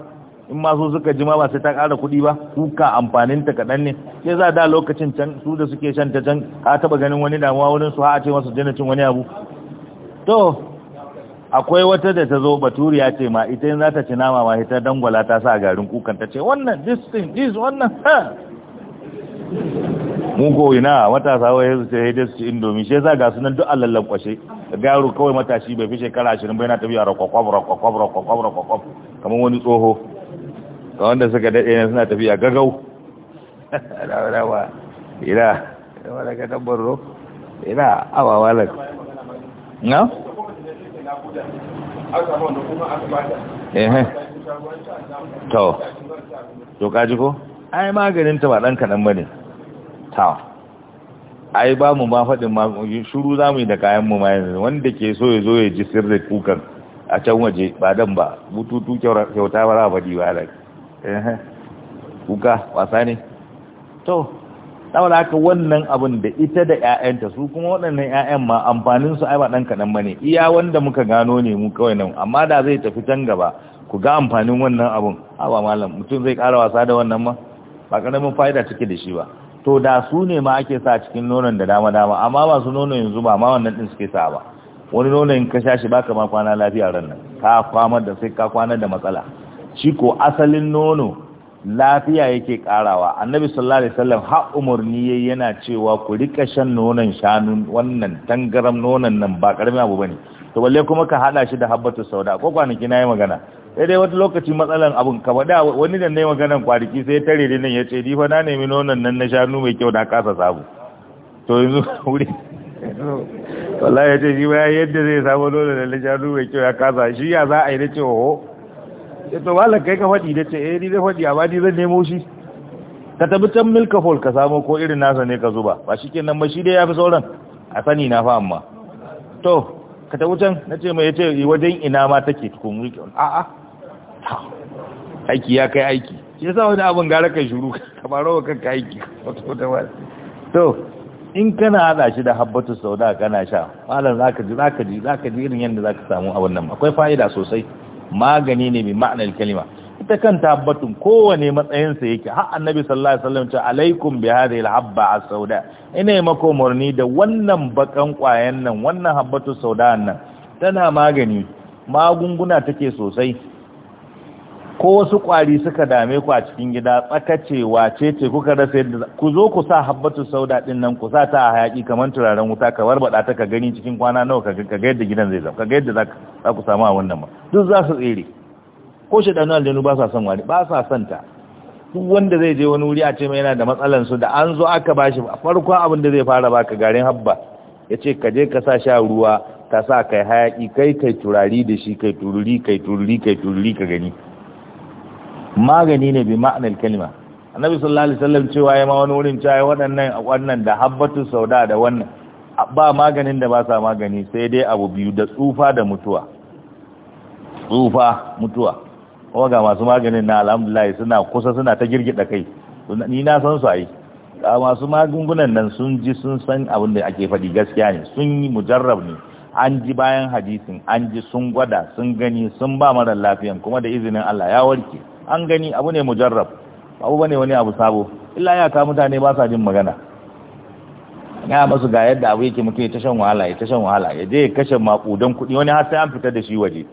in ma so suka jima ba sai ta kara kuɗi ba kuka amfaninta ta kaɗan ne sai za da lokacin can su da suke shan ta can ka taɓa ganin wani damuwa wurin su ha ce masu jana cin wani abu to akwai wata da ta zo baturi ya ce ma ita yin za ta ci nama ma ita dangwala ta sa garin kukan ta ce wannan this thing this wannan ha Mun ko ina matasa wai su sai da su indomi shi yasa ga sunan duk Allah lankwashe ga yaro kawai matashi bai fi shekara 20 bai na tafiya rakwakwab rakwakwab rakwakwab rakwakwab kamar wani tsoho ga wanda suka dade ne suna tafiya gagau da da ba ina wala ka tabbaro ina awa wala na eh, eh to to kaji ko ai maganin ta ba dan kadan bane a ai ba mu ma faɗin ma shuru za mu yi da kayan mu ma yanzu wanda ke so ya zo ya ji sirri kukan a can waje ba dan ba bututu kyauta ba za a faɗi ba alaƙi kuka wasa ne to saboda haka wannan abin da ita da ƴaƴanta su kuma waɗannan ƴaƴan ma amfanin su ai ba ɗan kaɗan bane iya wanda muka gano ne mu kawai nan amma da zai tafi can gaba ku ga amfanin wannan abun a ba malam mutum zai ƙara wasa da wannan ma ba ƙaramin fa'ida cike da shi ba to da su ne ma ake sa cikin nonon da dama dama amma ba su nono yanzu ba ma wannan din suke sa ba wani nono in ka sha shi baka ma kwana lafiya ran nan ka kwamar da sai ka kwana da matsala shi ko asalin nono lafiya yake karawa annabi sallallahu alaihi wasallam har umurni yayi yana cewa ku rika shan nonon shanu wannan tangaram nonon nan ba karamin abu bane to balle kuma ka hada shi da habbatu sauda ko kwanaki nayi magana sai dai wata lokaci matsalan abun ka da wani da nai maganan kwariki sai tare da nan ya ce difa fa na nemi nonon nan na shanu mai kyau na kasa samu to yanzu wuri wallahi ya ce shi ba yadda zai samu nonon nan na shanu mai kyau ya kasa shi ya za a yi na ce oho to wala kai ka faɗi da ce eh ni zai faɗi amma ni zan nemo shi ka tabi can milka fol ka samu ko irin nasa ne ka zuba ba shi kenan ba shi dai ya fi sauran a sani na fa amma to ka tabi can na ce mai ya ce wajen ina ma take tukun a'a aiki ya kai aiki shi yasa wani abin gara kai shuru ka faro wa kanka aiki to in kana hada shi da habbatu sauda kana sha malam zaka ji zaka ji zaka ji irin yanda zaka samu a wannan akwai fa'ida sosai magani ne mai ma'anar kalima ita kanta habbatun kowane matsayin sa yake har annabi sallallahu alaihi wasallam ce alaikum bi hadhihi alhabba as-sauda ina mako murni da wannan bakan kwayan nan wannan habbatu sauda nan tana magani magunguna take sosai ko wasu ƙwari suka dame ku a cikin gida tsakacewa ce ce kuka rasa yadda ku zo ku sa habbatu sauda din nan ku sa ta a hayaki kamar turaren wuta ka warbaɗa ta ka gani cikin kwana nawa ka ga yadda gidan zai zama ka ga yadda za ku samu a wannan ma duk za su tsere ko shi shaɗanu aljanu ba sa son wani ba sa son ta duk wanda zai je wani wuri a ce mai yana da matsalan su da an zo aka bashi farko abin da zai fara baka garin habba ya ce ka je ka sa sha ruwa ka sa kai hayaki kai kai turari da shi kai tururi kai tururi kai tururi ka gani magani ne bi ma'anar kalima annabi sallallahu alaihi wasallam cewa ya ma wani wurin cewa waɗannan wannan da habbatu sauda da wannan ba maganin da ba sa magani sai dai abu biyu da tsufa da mutuwa tsufa mutuwa kuma ga masu maganin na alhamdulillah suna kusa suna ta girgida kai ni na san su ai ga masu magungunan nan sun ji sun san abin da ake faɗi gaskiya ne sun yi mujarrab ne an ji bayan hadisin an ji sun gwada sun gani sun ba mara lafiyan kuma da izinin Allah ya warke an gani abu ne mujarrab abu bane wani abu sabo illa ya ka mutane ba sa jin magana ya masu ga yadda abu yake mutum ya ta shan wahala ya ta shan wahala ya je kashe makudan kuɗi wani har sai an fitar da shi waje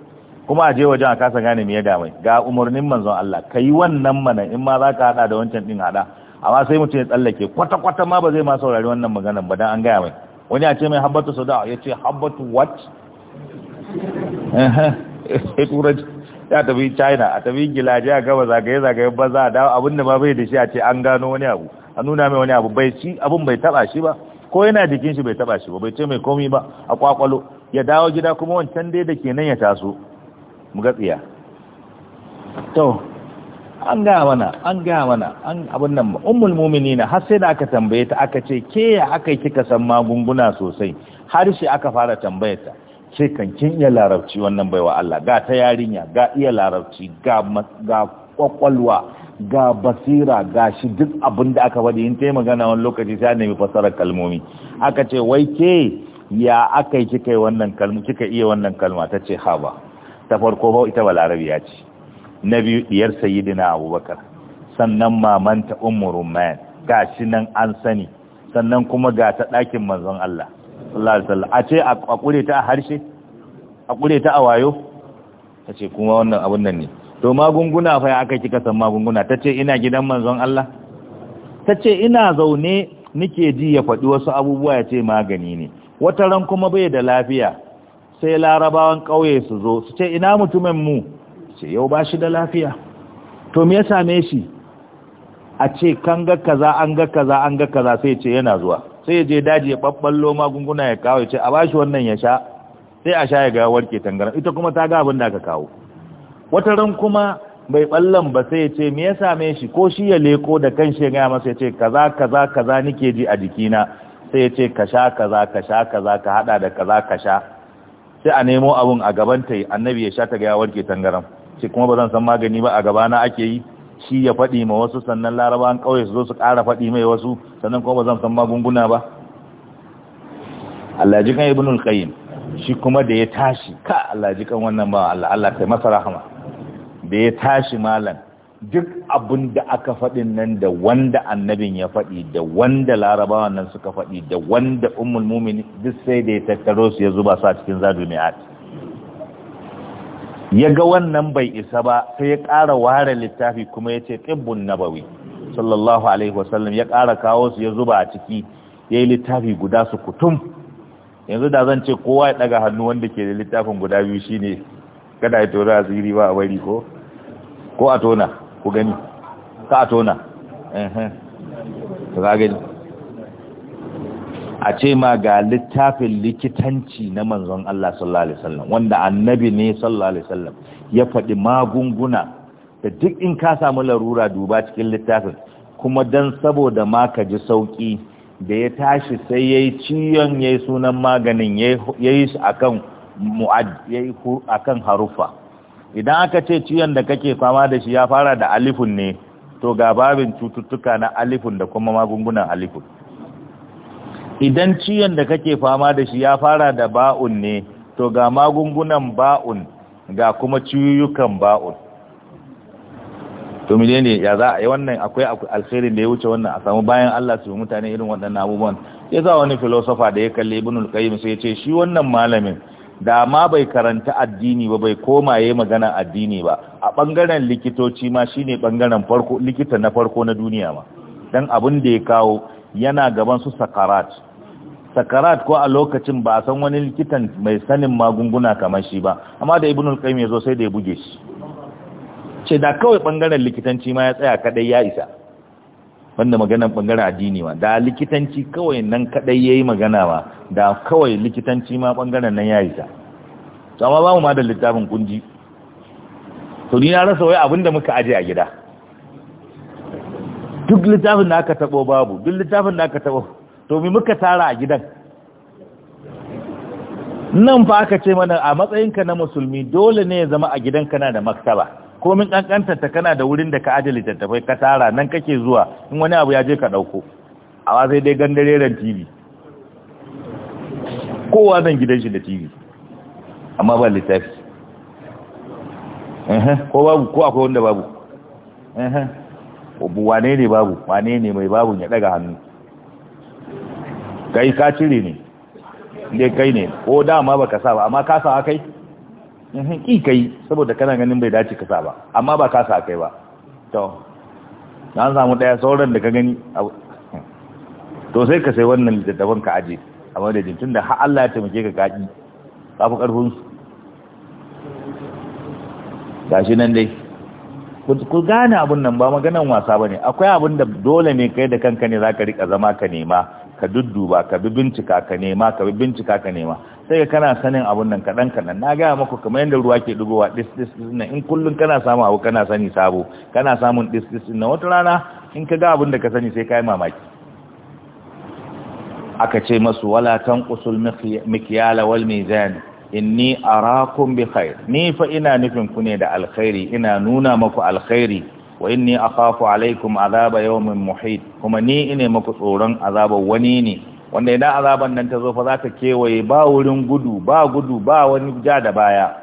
kuma a je wajen a kasa gane me ya dame ga umarnin manzon Allah kai wannan mana in ma za ka hada da wancan din hada amma sai mutum ya tsallake kwata kwata ma ba zai ma saurari wannan maganar ba dan an gaya mai wani a ce mai habbatu sada ya ce habbatu what eh eh, eh ya tafi china a tafi gilaje a gaba zagaye-zagaye ba za a dawo abin da ma bai da shi a ce an gano wani abu a nuna mai wani abu bai ci abin bai taba shi ba ko yana jikin shi bai taba shi ba bai ce mai komi ba a kwakwalo ya dawo gida kuma wancan dai da ke nan ya taso mu ga tsiya to an ga mana an ga mana an abin nan ummul mu'minina har sai da aka tambaye ta aka ce ke ya aka yi kika san magunguna sosai har shi aka fara tambayar ta sai kan iya larabci wannan baiwa Allah ga ta yarinya ga iya larabci ga ga kwakwalwa ga basira ga shi duk abin da aka faɗi in taimaka magana wani lokaci sai nemi fasarar kalmomi aka ce wai ke ya aka yi kika wannan kalmu kika iya wannan kalma ta ce ha ta farko ba ita ba larabiya ce na biyu diyar sayidina abubakar sannan mamanta ummu ga shi nan an sani sannan kuma ga ta ɗakin manzon Allah sallallahu alaihi wasallam a ce a kure ta a harshe a kure ta a wayo ta ce kuma wannan abun nan ne to magunguna fa aka kika san magunguna ta ce ina gidan manzon Allah ta ce ina zaune nike ji ya faɗi wasu abubuwa ya ce magani ne wata ran kuma bai da lafiya sai larabawan ƙauye su zo su ce ina mutumin mu ce yau ba shi da lafiya to me ya same shi a ce kan ga kaza an ga kaza an ga kaza sai ce yana zuwa sai ya je daji ya babballo magunguna ya kawo ya ce a bashi wannan ya sha sai a sha ya ga warke tangaran ita kuma ta ga abin da aka kawo wata ran kuma bai ballan ba sai ya ce me ya same shi ko shi ya leko da kanshi ya gaya masa ya ce kaza kaza kaza nike ji a jikina sai ya ce ka sha kaza ka sha kaza ka haɗa da kaza ka sha sai a nemo abun a gaban ta annabi ya sha ta ga ya warke tangaran sai kuma ba zan san magani ba a gabana ake yi shi ya faɗi ma wasu sannan larabawan ƙauye su zo su ƙara faɗi mai wasu sannan kuma ba zan san magunguna ba allajikan ibnul qayyim shi kuma da ya tashi ka allajikan wannan ba Allah Allah kai masa rahama da ya tashi malam duk abin da aka faɗin nan da wanda annabin ya faɗi da wanda larabawan nan suka faɗi da wanda ummul mu'minin duk sai da ya tattaro su ya zuba su a cikin zadu mi'at ya ga wannan bai isa ba sai ya ƙara ware littafi kuma ya ce ƙibbun nabawi sallallahu alaihi wasallam ya ƙara kawo su ya zuba a ciki ya yi littafi guda su kutum yanzu da zan ce kowa ya ɗaga hannu wanda ke da littafin guda biyu shi ne kada ya tona asiri ba a bari ko ko a tona ku gani ka a tona ka gani a ce ma ga littafin likitanci na manzon Allah sallallahu alaihi wasallam wanda annabi ne sallallahu alaihi wasallam ya faɗi magunguna da duk in ka samu larura duba cikin littafin kuma dan saboda ma ka ji sauki da ya tashi sai yayi ciyon yayi sunan maganin yayi shi akan mu'ad yayi akan harufa idan aka ce ciyon da kake fama da shi ya fara da alifun ne to ga babin cututtuka na alifun da kuma magungunan alifun idan ciyon da kake fama da shi ya fara da ba'un ne to ga magungunan ba'un ga kuma ciyoyukan ba'un to ne ya za a yi wannan akwai alkhairin da ya wuce wannan a samu bayan Allah su mutane irin waɗannan abubuwan ya za wani filosofa da ya kalli ibn al-qayyim sai ya ce shi wannan malamin da ma bai karanta addini ba bai koma yayi magana addini ba a bangaren likitoci ma shine bangaren farko likita na farko na duniya ma dan abin da ya kawo yana gaban su sakarat sakarat ko a lokacin ba a san wani likitan mai sanin magunguna kamar shi ba amma da ibnul qayyim yazo sai da ya buge shi ce da kawai bangaren likitanci ma ya tsaya kadai ya isa wanda magana bangaren addini ma da likitanci kawai nan kadai yayi magana ma da kawai likitanci ma bangaren nan ya isa to amma ba mu ma da littafin kunji to ni na rasa wai abinda muka aje a gida duk littafin da aka tabo babu duk littafin da aka tabo to mi muka tara a gidan nan fa aka ce mana a matsayinka na musulmi dole ne ya zama a gidan kana da maktaba komin kankanta ta kana da wurin da ka ajiye littattafai ka tara nan kake zuwa in wani abu ya je ka dauko wa sai dai gandareren TV kowa zan gidan shi da TV amma ba littafi ko babu ko akwai wanda babu wane ne babu wane ne mai babu ya daga hannu kai ka cire ne ne kai ne ko dama baka sa ba amma ka sa kai in ki kai saboda kana ganin bai dace ka sa ba amma ba ka sa kai ba to na samu daya sauran da ka gani to sai ka sai wannan littattafan ka aje a madadin Tunda har Allah ya taimake ka kaki kafu karfin su gashi nan dai ku gane abun nan ba maganan wasa bane akwai abun da dole ne kai da kanka ne zaka rika zama ka nema ka dudduba ka bi bincika ka nema ka bi bincika ka nema sai ka kana sanin abun nan kaɗan kaɗan na gaya maku kamar yadda ruwa ke dugowa dis dis na in kullum kana samun abu kana sani sabo kana samun dis dis na wata rana in ka ga abun da ka sani sai ka yi mamaki aka ce masu wala "Kusur mikyala wal mizan inni arakum bi khair ni fa ina nufin ku ne da alkhairi ina nuna maku alkhairi wa inni akhafu alaikum azaba yawmin muhit kuma ni ine muku tsoron azabar wani ne wanda idan azaban nan ta zo fa za ta kewaye ba wurin gudu ba gudu ba wani ja da baya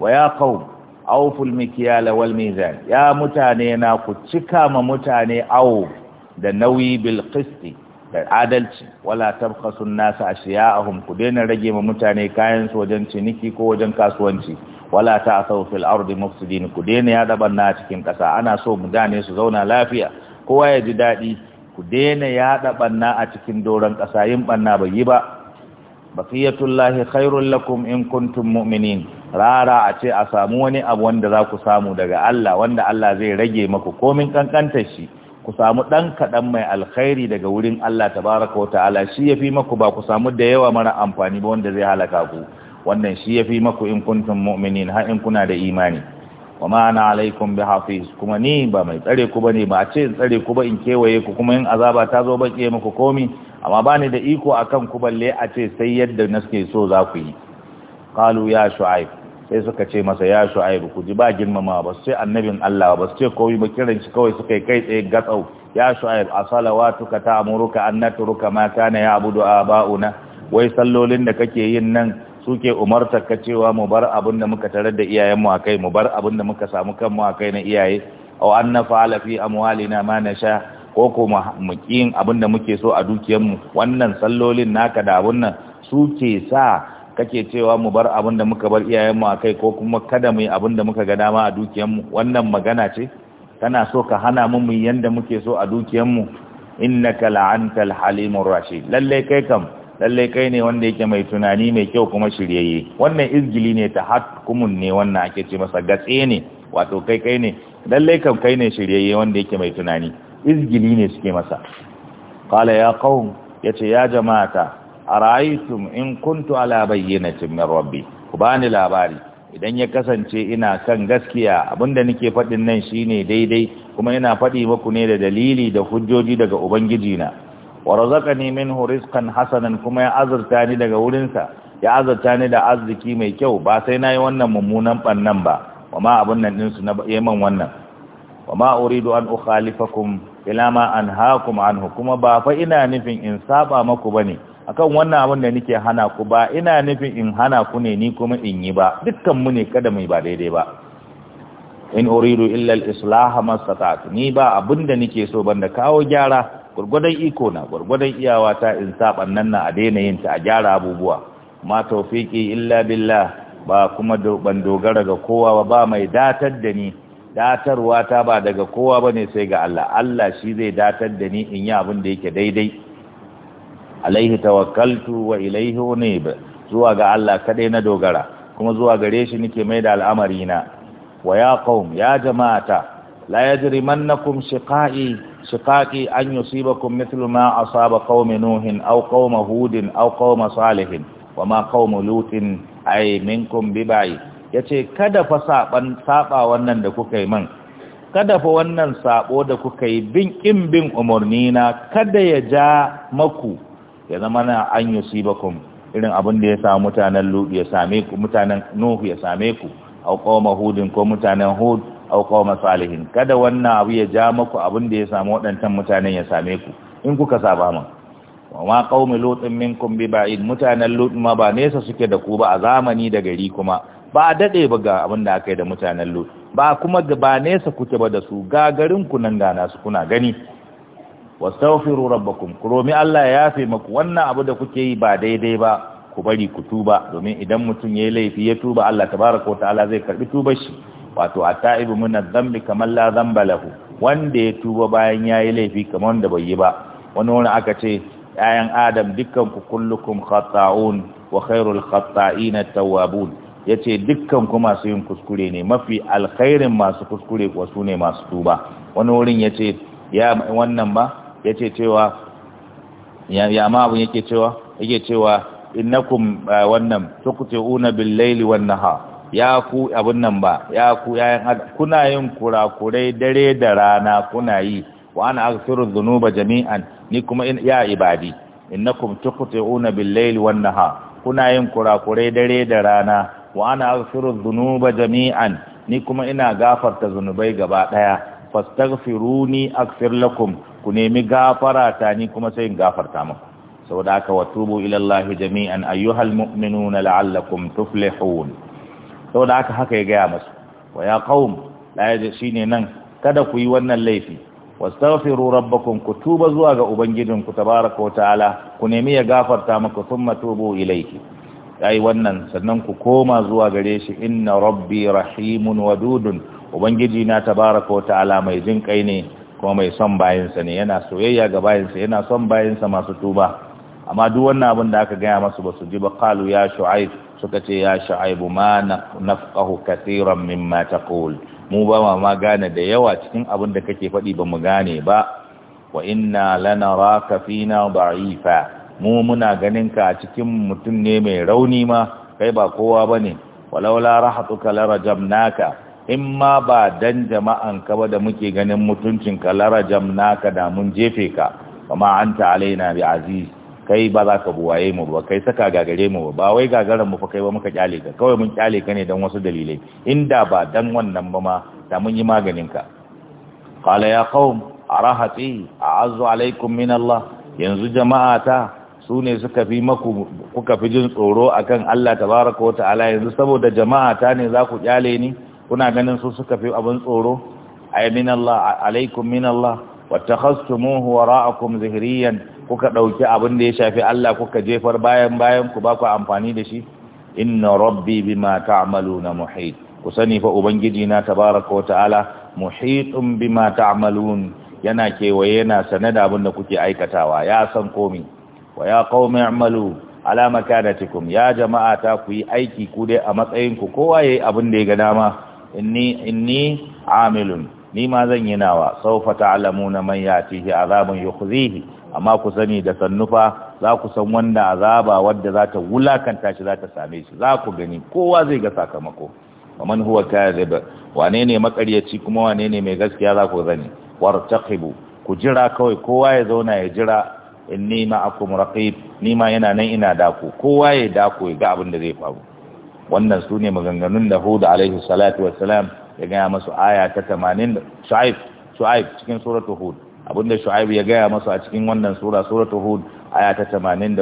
wa ya qaum awful mikyala wal mizan ya mutane na ku cika ma mutane awo da nauyi bil qisti da adalci wala tabkhasu an-nasa ashiya'ahum ku daina rage ma mutane kayan su wajen ciniki ko wajen kasuwanci wala ta asau fil ardi mufsidin ku daina ya daban na cikin ƙasa ana so mu gane su zauna lafiya kowa ya ji daɗi ku daina ya daban na a cikin doron ƙasa yin banna bai yi ba baqiyatullahi khairul lakum in kuntum mu'minin rara a ce a samu wani abu wanda za ku samu daga Allah wanda Allah zai rage maku komin kankantar shi ku samu ɗan kaɗan mai alkhairi daga wurin Allah tabaraka wa ta'ala shi ya fi maku ba ku samu da yawa mara amfani ba wanda zai halaka ku wannan shi ya fi maku in kuntum mu'minin har in kuna da imani wa ma ana alaikum bi hafiz kuma ni ba mai tsare ku bane ba a ce in tsare ku ba in kewaye ku kuma in azaba ta zo ban muku komi amma bani da iko akan ku balle a ce sai yadda nake so za ku yi qalu ya shu'aib sai suka ce masa ya shu'aib ku ji ba girmama ba sai annabin Allah ba sai komi ba kiran shi kawai suka kai tsaye gatsau ya shu'aib a salawatuka ta'muruka an natruka ma kana ya'budu aba'una wai sallolin da kake yin nan suke umartar ka cewa mu bar abin da muka tarar da iyayenmu a kai mu bar abin da muka samu kanmu a kai na iyaye aw an fa'ala fi amwalina ma nasha ko ko mu kiyin abin da muke so a dukiyarmu wannan sallolin naka da abin nan suke sa kake cewa mu bar abin da muka bar iyayenmu a kai ko kuma kada mu yi abin da muka ga dama a dukiyarmu wannan magana ce kana so ka hana mu mu yanda muke so a dukiyarmu innaka la'antal halimur rashid Lallai kai kam lallai kai ne wanda yake mai tunani mai kyau kuma shiryayye wannan izgili ne ta hakkumun ne wannan ake ce masa gatse ne wato kai kai ne lallai kam kai ne shiryayye wanda yake mai tunani izgili ne suke masa qala ya qaum ce ya jama'ata ara'aytum in kuntu ala bayyinatin min rabbi ku bani labari idan ya kasance ina kan gaskiya abinda nake faɗin nan shine daidai kuma ina faɗi maku ne da dalili da hujjoji daga ubangiji na. wa razaqani minhu rizqan hasanan kuma ya azurta ni daga wurinsa ya azurta ni da arziki mai kyau ba sai nayi wannan mummunan bannan ba wa ma abun nan din su na yaman wannan wa ma uridu an ukhalifakum ila ma anhaakum anhu kuma ba fa ina nufin in saba maku bane akan wannan abun da nake hana ku ba ina nufin in hana ku ne ni kuma in yi ba dukkan mu ne kada mu ba daidai ba in uridu illa al-islaha mastata'tu ni ba abun da nake so banda kawo gyara gwargwadon iko na gwargwadon iyawa ta in saɓan nan na a daina yin ta a gyara abubuwa ma taufiki illa biLla, ba kuma ban dogara ga kowa ba ba mai datar da ni datarwa ta ba daga kowa ba ne sai ga Allah Allah shi zai datar da ni in yi abin da yake daidai alaihi tawakkaltu wa ilaihi unib zuwa ga Allah kadai na dogara kuma zuwa gare shi nake mai da al'amari na wa ya qaum ya jama'ata la yajrimannakum shiqa'i shiqaqi an yusibakum mithlu ma asaba qaum nuhin aw qaum hudin aw qaum salihin wa ma qaum lutin ay minkum bibai yace kada fa saban saba wannan da kuka yi man kada fa wannan sabo da kuka yi bin kin bin umurni na kada ya ja maku ya zama na an yusibakum irin abin da ya samu mutanen ya same ku mutanen nuhu ya same ku aw qaum ko mutanen hud aw masalihin alihin, kada wannan abu ya ja maku abin da ya samu waɗancan mutanen ya same ku in kuka saba min wa ma qaumi lutin minkum bi ba'id mutanen lut ma ba nesa suke da ku ba a zamani da gari kuma ba a dade ba ga abin da aka yi da mutanen lut ba kuma da ba nesa kuke ba da su gagarin ku nan gana su kuna gani wastaghfiru rabbakum kuromi Allah ya yafe maku wannan abu da kuke yi ba daidai ba ku bari ku tuba domin idan mutum ya yi laifi ya tuba Allah tabaraka wa ta'ala zai karbi tubar shi wato a taibu min adh-dhanbi kaman la dhanba lahu wanda ya tuba bayan ya yi laifi kamar wanda bai yi ba wani wani aka ce 'ya'yan adam dukkanku ku kullukum khata'un wa khairul khata'ina at-tawwabun yace dukkan ku masu yin kuskure ne mafi alkhairin masu kuskure wasu ne masu tuba wani wurin ya ce ya wannan ba ya ce cewa ya ma abin yake cewa yake cewa innakum eh, wannan tuqti'una bil-laili wan-nahar ya ku abin nan ba ya ku kuna yin kurakurai dare da rana kuna yi wa ana aghfiru dhunuba jami'an ni kuma in ya ibadi innakum tuqti'una bil-layli wan-nahar kuna yin kurakurai dare da rana wa ana aghfiru dhunuba jami'an ni kuma ina gafarta zunubai gaba daya fastaghfiruni aghfir lakum ku nemi gafara ta ni kuma sai in gafarta muku saboda haka watubu ila Allah jami'an ayyuhal mu'minuna la'allakum tuflihun saboda haka haka ya gaya masu wa ya da la shi ne nan kada ku yi wannan laifi wastaghfiru rabbakun ku tuba zuwa ga ubangijinku ko ta'ala ku nemi ya gafarta sun thumma ilaiki ya yi wannan sannan ku koma zuwa gare shi inna rabbi rahimun wadudun ubangiji na ko ta'ala mai jin kai ne kuma mai son bayinsa ne yana soyayya ga bayansa yana son bayansa masu tuba amma duk wannan abin da aka gaya masu ba su ji ba qalu ya shu'aib suka ce ya sha'aibu ma nafqahu katiran mimma taqul mu ba ma ma gane da yawa cikin abin da kake faɗi ba mu gane ba wa inna lanaraka fina fa mu muna ganin ka cikin mutum ne mai rauni ma kai ba kowa ba ne walaula rahatuka naka in ma ba dan jama'an ka ba da muke ganin mutuncin ka naka da mun jefe ka kuma ma ta alaina bi aziz kai ba za ka buwaye mu ba kai saka gagare mu ba wai gagaran mu fa kai ba muka kyale ka kawai mun kyale ka ne don wasu dalilai inda ba dan wannan ba ma da mun yi maganin ka qala ya qaum arahati a'azzu alaikum min Allah yanzu jama'ata ta su suka fi maku kuka fi jin tsoro akan Allah tabaraka wa ta'ala yanzu saboda jama'ata ne za ku kyale ni kuna ganin su suka fi abin tsoro ay min Allah alaikum min Allah wattakhastumuhu wara'akum zahiriyan kuka ɗauki abin da ya shafi Allah kuka jefar bayan bayan ku ba ku amfani da shi inna rabbi bima na muhit ku sani fa ubangiji na tabaraka wa ta'ala muhitun bima ta'malun yana kewaye yana sane da abin da kuke aikatawa ya san komi wa ya qaumi a'malu ala makanatikum ya jama'a ta ku yi aiki ku dai a matsayin ku kowa yayi abin da ya ga dama inni inni amilun ni ma zan yi nawa saufa ta'lamuna man yatihi azabun yukuzihi. amma ku sani da sannufa za ku san wanda a azaba wadda za ta wulakanta shi za ta same shi za ku gani kowa zai ga sakamako wa man huwa zaba wane ne makaryaci kuma wane ne mai gaskiya za ku zani? War wartaqibu ku jira kawai kowa ya zauna ya jira In ma ma'akum raqib ni ma yana nan ina daku kowa ya daku ya ga abin da zai faru wannan sune maganganun da Hud alaihi salatu wassalam ya gaya masu aya ta 80 shu'aib shu'aib cikin suratul hud abinda shu'aib ya gaya masu a cikin wannan sura suratul hud aya ta 84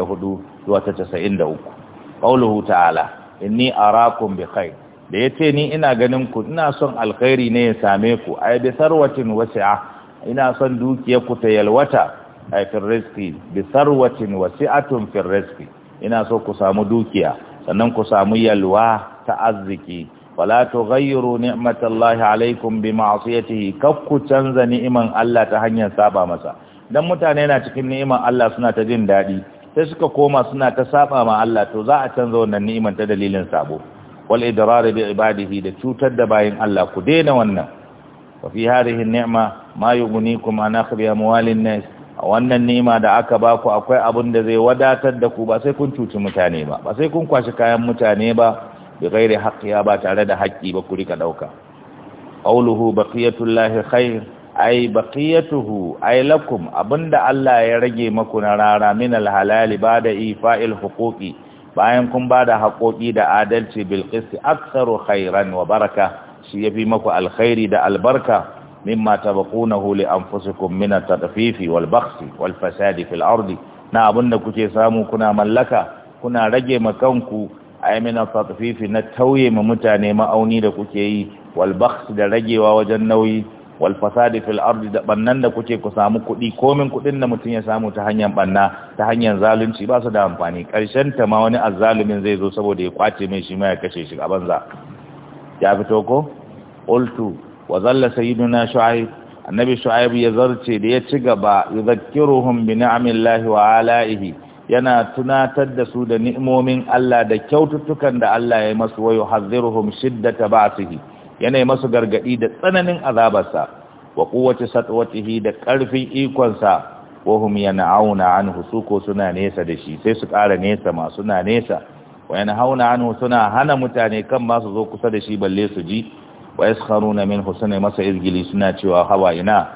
zuwa ta 93 qauluhu ta'ala inni arakum bi khair da yace ni ina ganin ku ina son alkhairi ne ya same ku ay bi sarwatin wasi'a ina son dukiyar ku ta yalwata ay fi rizqi bi sarwatin wasi'atun fi rizqi ina so ku samu dukiya sannan ku samu yalwa ta arziki wala tughayyiru ni'matallahi alaikum bi kar ku canza ni'iman Allah ta hanyar saba masa Idan mutane na cikin ni'iman Allah suna ta jin daɗi, sai suka koma suna ta saba ma Allah to za a canza wannan ni'iman ta dalilin sabo wal idrar bi ibadihi da cutar da bayan Allah ku daina wannan wa fi hadhihi ni'ma ma yughnikum an akhbi amwalin nas wannan ni'ima da aka baku akwai abun da zai wadatar da ku ba sai kun cuci mutane ba ba sai kun kwashi kayan mutane ba bi ghairi ba tare da haƙƙi ba ku rika dauka qawluhu baqiyatullahi khair ay baqiyatuhu ay lakum abinda Allah ya rage maku na rara min alhalali bada ifa'il huquqi bayan kun bada haƙoƙi da adalci bil qisti aktsaru khairan wa baraka shi yafi maku alkhairi da albarka mimma tabqunahu li anfusikum min at-tadfifi wal bakhsi wal fasadi fil ardi na abinda kuke samu kuna mallaka kuna rage makanku ay min na tauye ma mutane ma'auni da kuke yi wal da ragewa wajen nauyi wal fasad fil ardi da bannan da kuke ku samu kuɗi komin kuɗin da mutum ya samu ta hanyar banna ta hanyar zalunci ba su da amfani karshen ta ma wani azzalumin zai zo saboda ya kwace mai shi ma ya kashe shi a banza ya fito ko ultu wa zalla sayyiduna shu'aib annabi shu'aib ya zarce da ya ci gaba yuzakkiruhum bi ni'amillahi wa ala'ihi yana tunatar da su da ni'imomin Allah da kyaututtukan da Allah ya masu wayo hazziruhum shiddata ba'sihi yana yi masu gargadi da tsananin azabarsa wa quwwati satwatihi da karfin ikonsa wa hum yan'auna anhu suko suna nesa da shi sai su ƙara nesa ma suna nesa wa yanhauna anhu suna hana mutane kan ma su zo kusa da shi balle su ji wa yaskharuna minhu suna masa izgili suna cewa hawa ina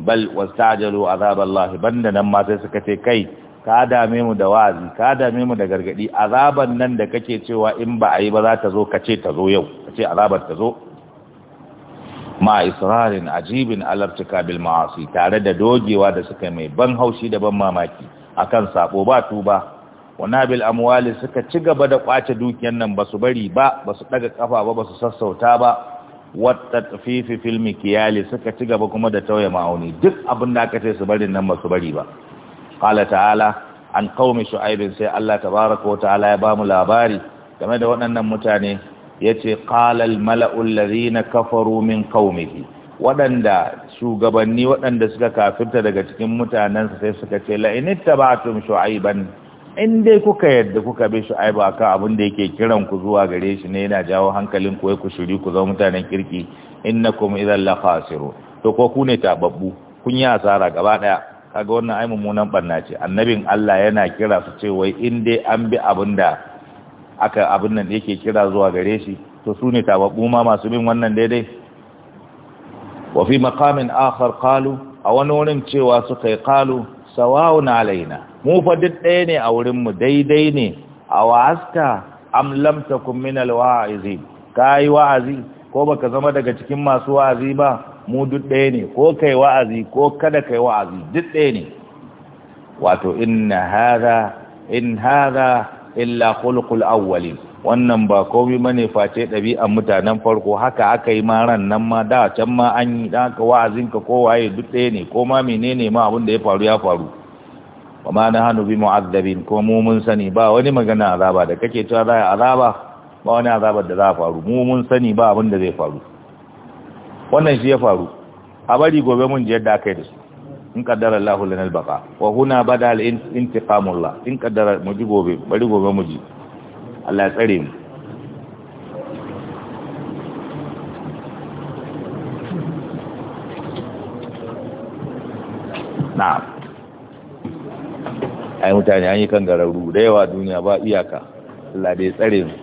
bal wastajalu azab banda nan ma sai suka ce kai ka dame mu da wazi, ka dame mu da gargadi azaban nan da kake cewa in ba a yi ba za ta zo ka ta zo yau ka ce azabar ta zo ma israrin ajibin alartika bil ma'asi tare da dogewa da suka mai ban haushi da ban mamaki akan sabo ba tuba wana bil amwali suka ci gaba da kwace dukiyar nan ba su bari ba ba su daga kafa ba ba su sassauta ba wata fifi filmi kiyali suka ci gaba kuma da tauye ma'auni duk abin da aka ce su bari nan ba su bari ba qala ta'ala an qaumi shu'aib sai Allah tabaaraka wa ta'ala ya bamu labari game da waɗannan mutane yace qala al mala'u alladhina kafaru min qaumihi waɗanda shugabanni waɗanda suka kafirta daga cikin mutanensa sai suka ce in ittaba'tum shu'aiban in dai kuka yadda kuka bi shu'aib akan abin da yake kiran ku zuwa gare shi ne yana jawo hankalin ku ku shiri ku zama mutanen kirki innakum naku khasirun to ko ku ne tababbu kun yi asara gaba daya kaga wannan ai mummunan barna ce annabin Allah yana kira su ce wai in dai an bi abin da aka abin nan yake kira zuwa gare shi to su ne tababbu ma masu bin wannan daidai wa fi maqamin akhar qalu a wani wurin cewa suka yi qalu sawa'un alaina mu fa duk ɗaya ne a wurin mu daidai ne a waska am lam takum min alwa'izin kai wa'azi ko baka zama daga cikin masu wa'azi ba mu duk ɗaya ne ko kai wa'azi ko kada kai wa'azi duk ɗaya ne wato inna hada in hada illa khuluqul awwali. wannan ba komi bane face ɗabi'an mutanen farko haka aka yi ma nan ma da can ma an yi dan ka wa'azin ka ko waye duk ɗaya ne ko ma menene ma abin da ya faru ya faru wa ma nahnu bi mu'azzabin ko mu mun sani ba wani magana azaba da kake cewa za azaba ba wani azaba da za faru mu mun sani ba abin da zai faru wannan shi ya faru a bari gobe mun ji yadda aka yi da su in kaddara Allah lana albaqa wa huna bada al-intiqamullah in kaddara mu ji gobe bari gobe mu ji Allah ya tsare mu Na ai mutane an yi kan gararu da yawa duniya ba iyaka Allah da ya tsare mu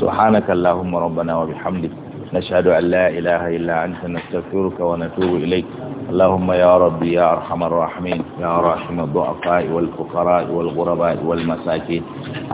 subhanakallahumma rabbana wa bihamdika نشهد أن لا إله إلا أنت نستغفرك ونتوب إليك اللهم يا ربي يا أرحم الراحمين يا راحم الضعفاء والفقراء والغرباء والمساكين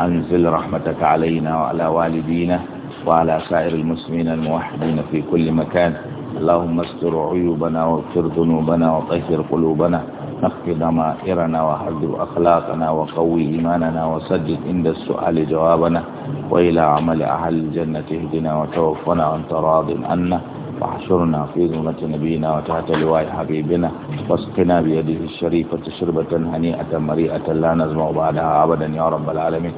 أنزل رحمتك علينا وعلى والدينا وعلى سائر المسلمين الموحدين في كل مكان اللهم استر عيوبنا واغفر ذنوبنا وطهر قلوبنا نقي ضمائرنا وحذر أخلاقنا وقوي إيماننا وسجد عند السؤال جوابنا وإلى عمل أهل الجنة اهدنا وتوفنا وانت راض عنا واحشرنا في ذمة نبينا وتحت لواء حبيبنا واسقنا بيده الشريفة شربة هنيئة مريئة لا نزمع بعدها أبدا يا رب العالمين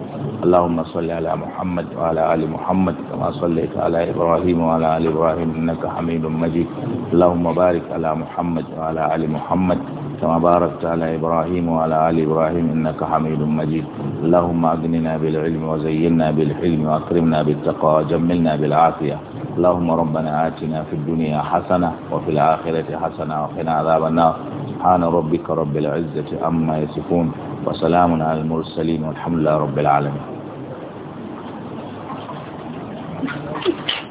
اللهم صل على محمد وعلى آل محمد كما صليت على إبراهيم وعلى آل إبراهيم إنك حميد مجيد اللهم بارك على محمد وعلى آل محمد كما باركت على إبراهيم وعلى آل إبراهيم إنك حميد مجيد اللهم أغننا بالعلم وزينا بالحلم وأكرمنا بالتقوى وجملنا بالعافية اللهم ربنا آتنا في الدنيا حسنة وفي الآخرة حسنة وقنا عذاب النار سبحان ربك رب العزة عما يصفون وسلام على المرسلين والحمد لله رب العالمين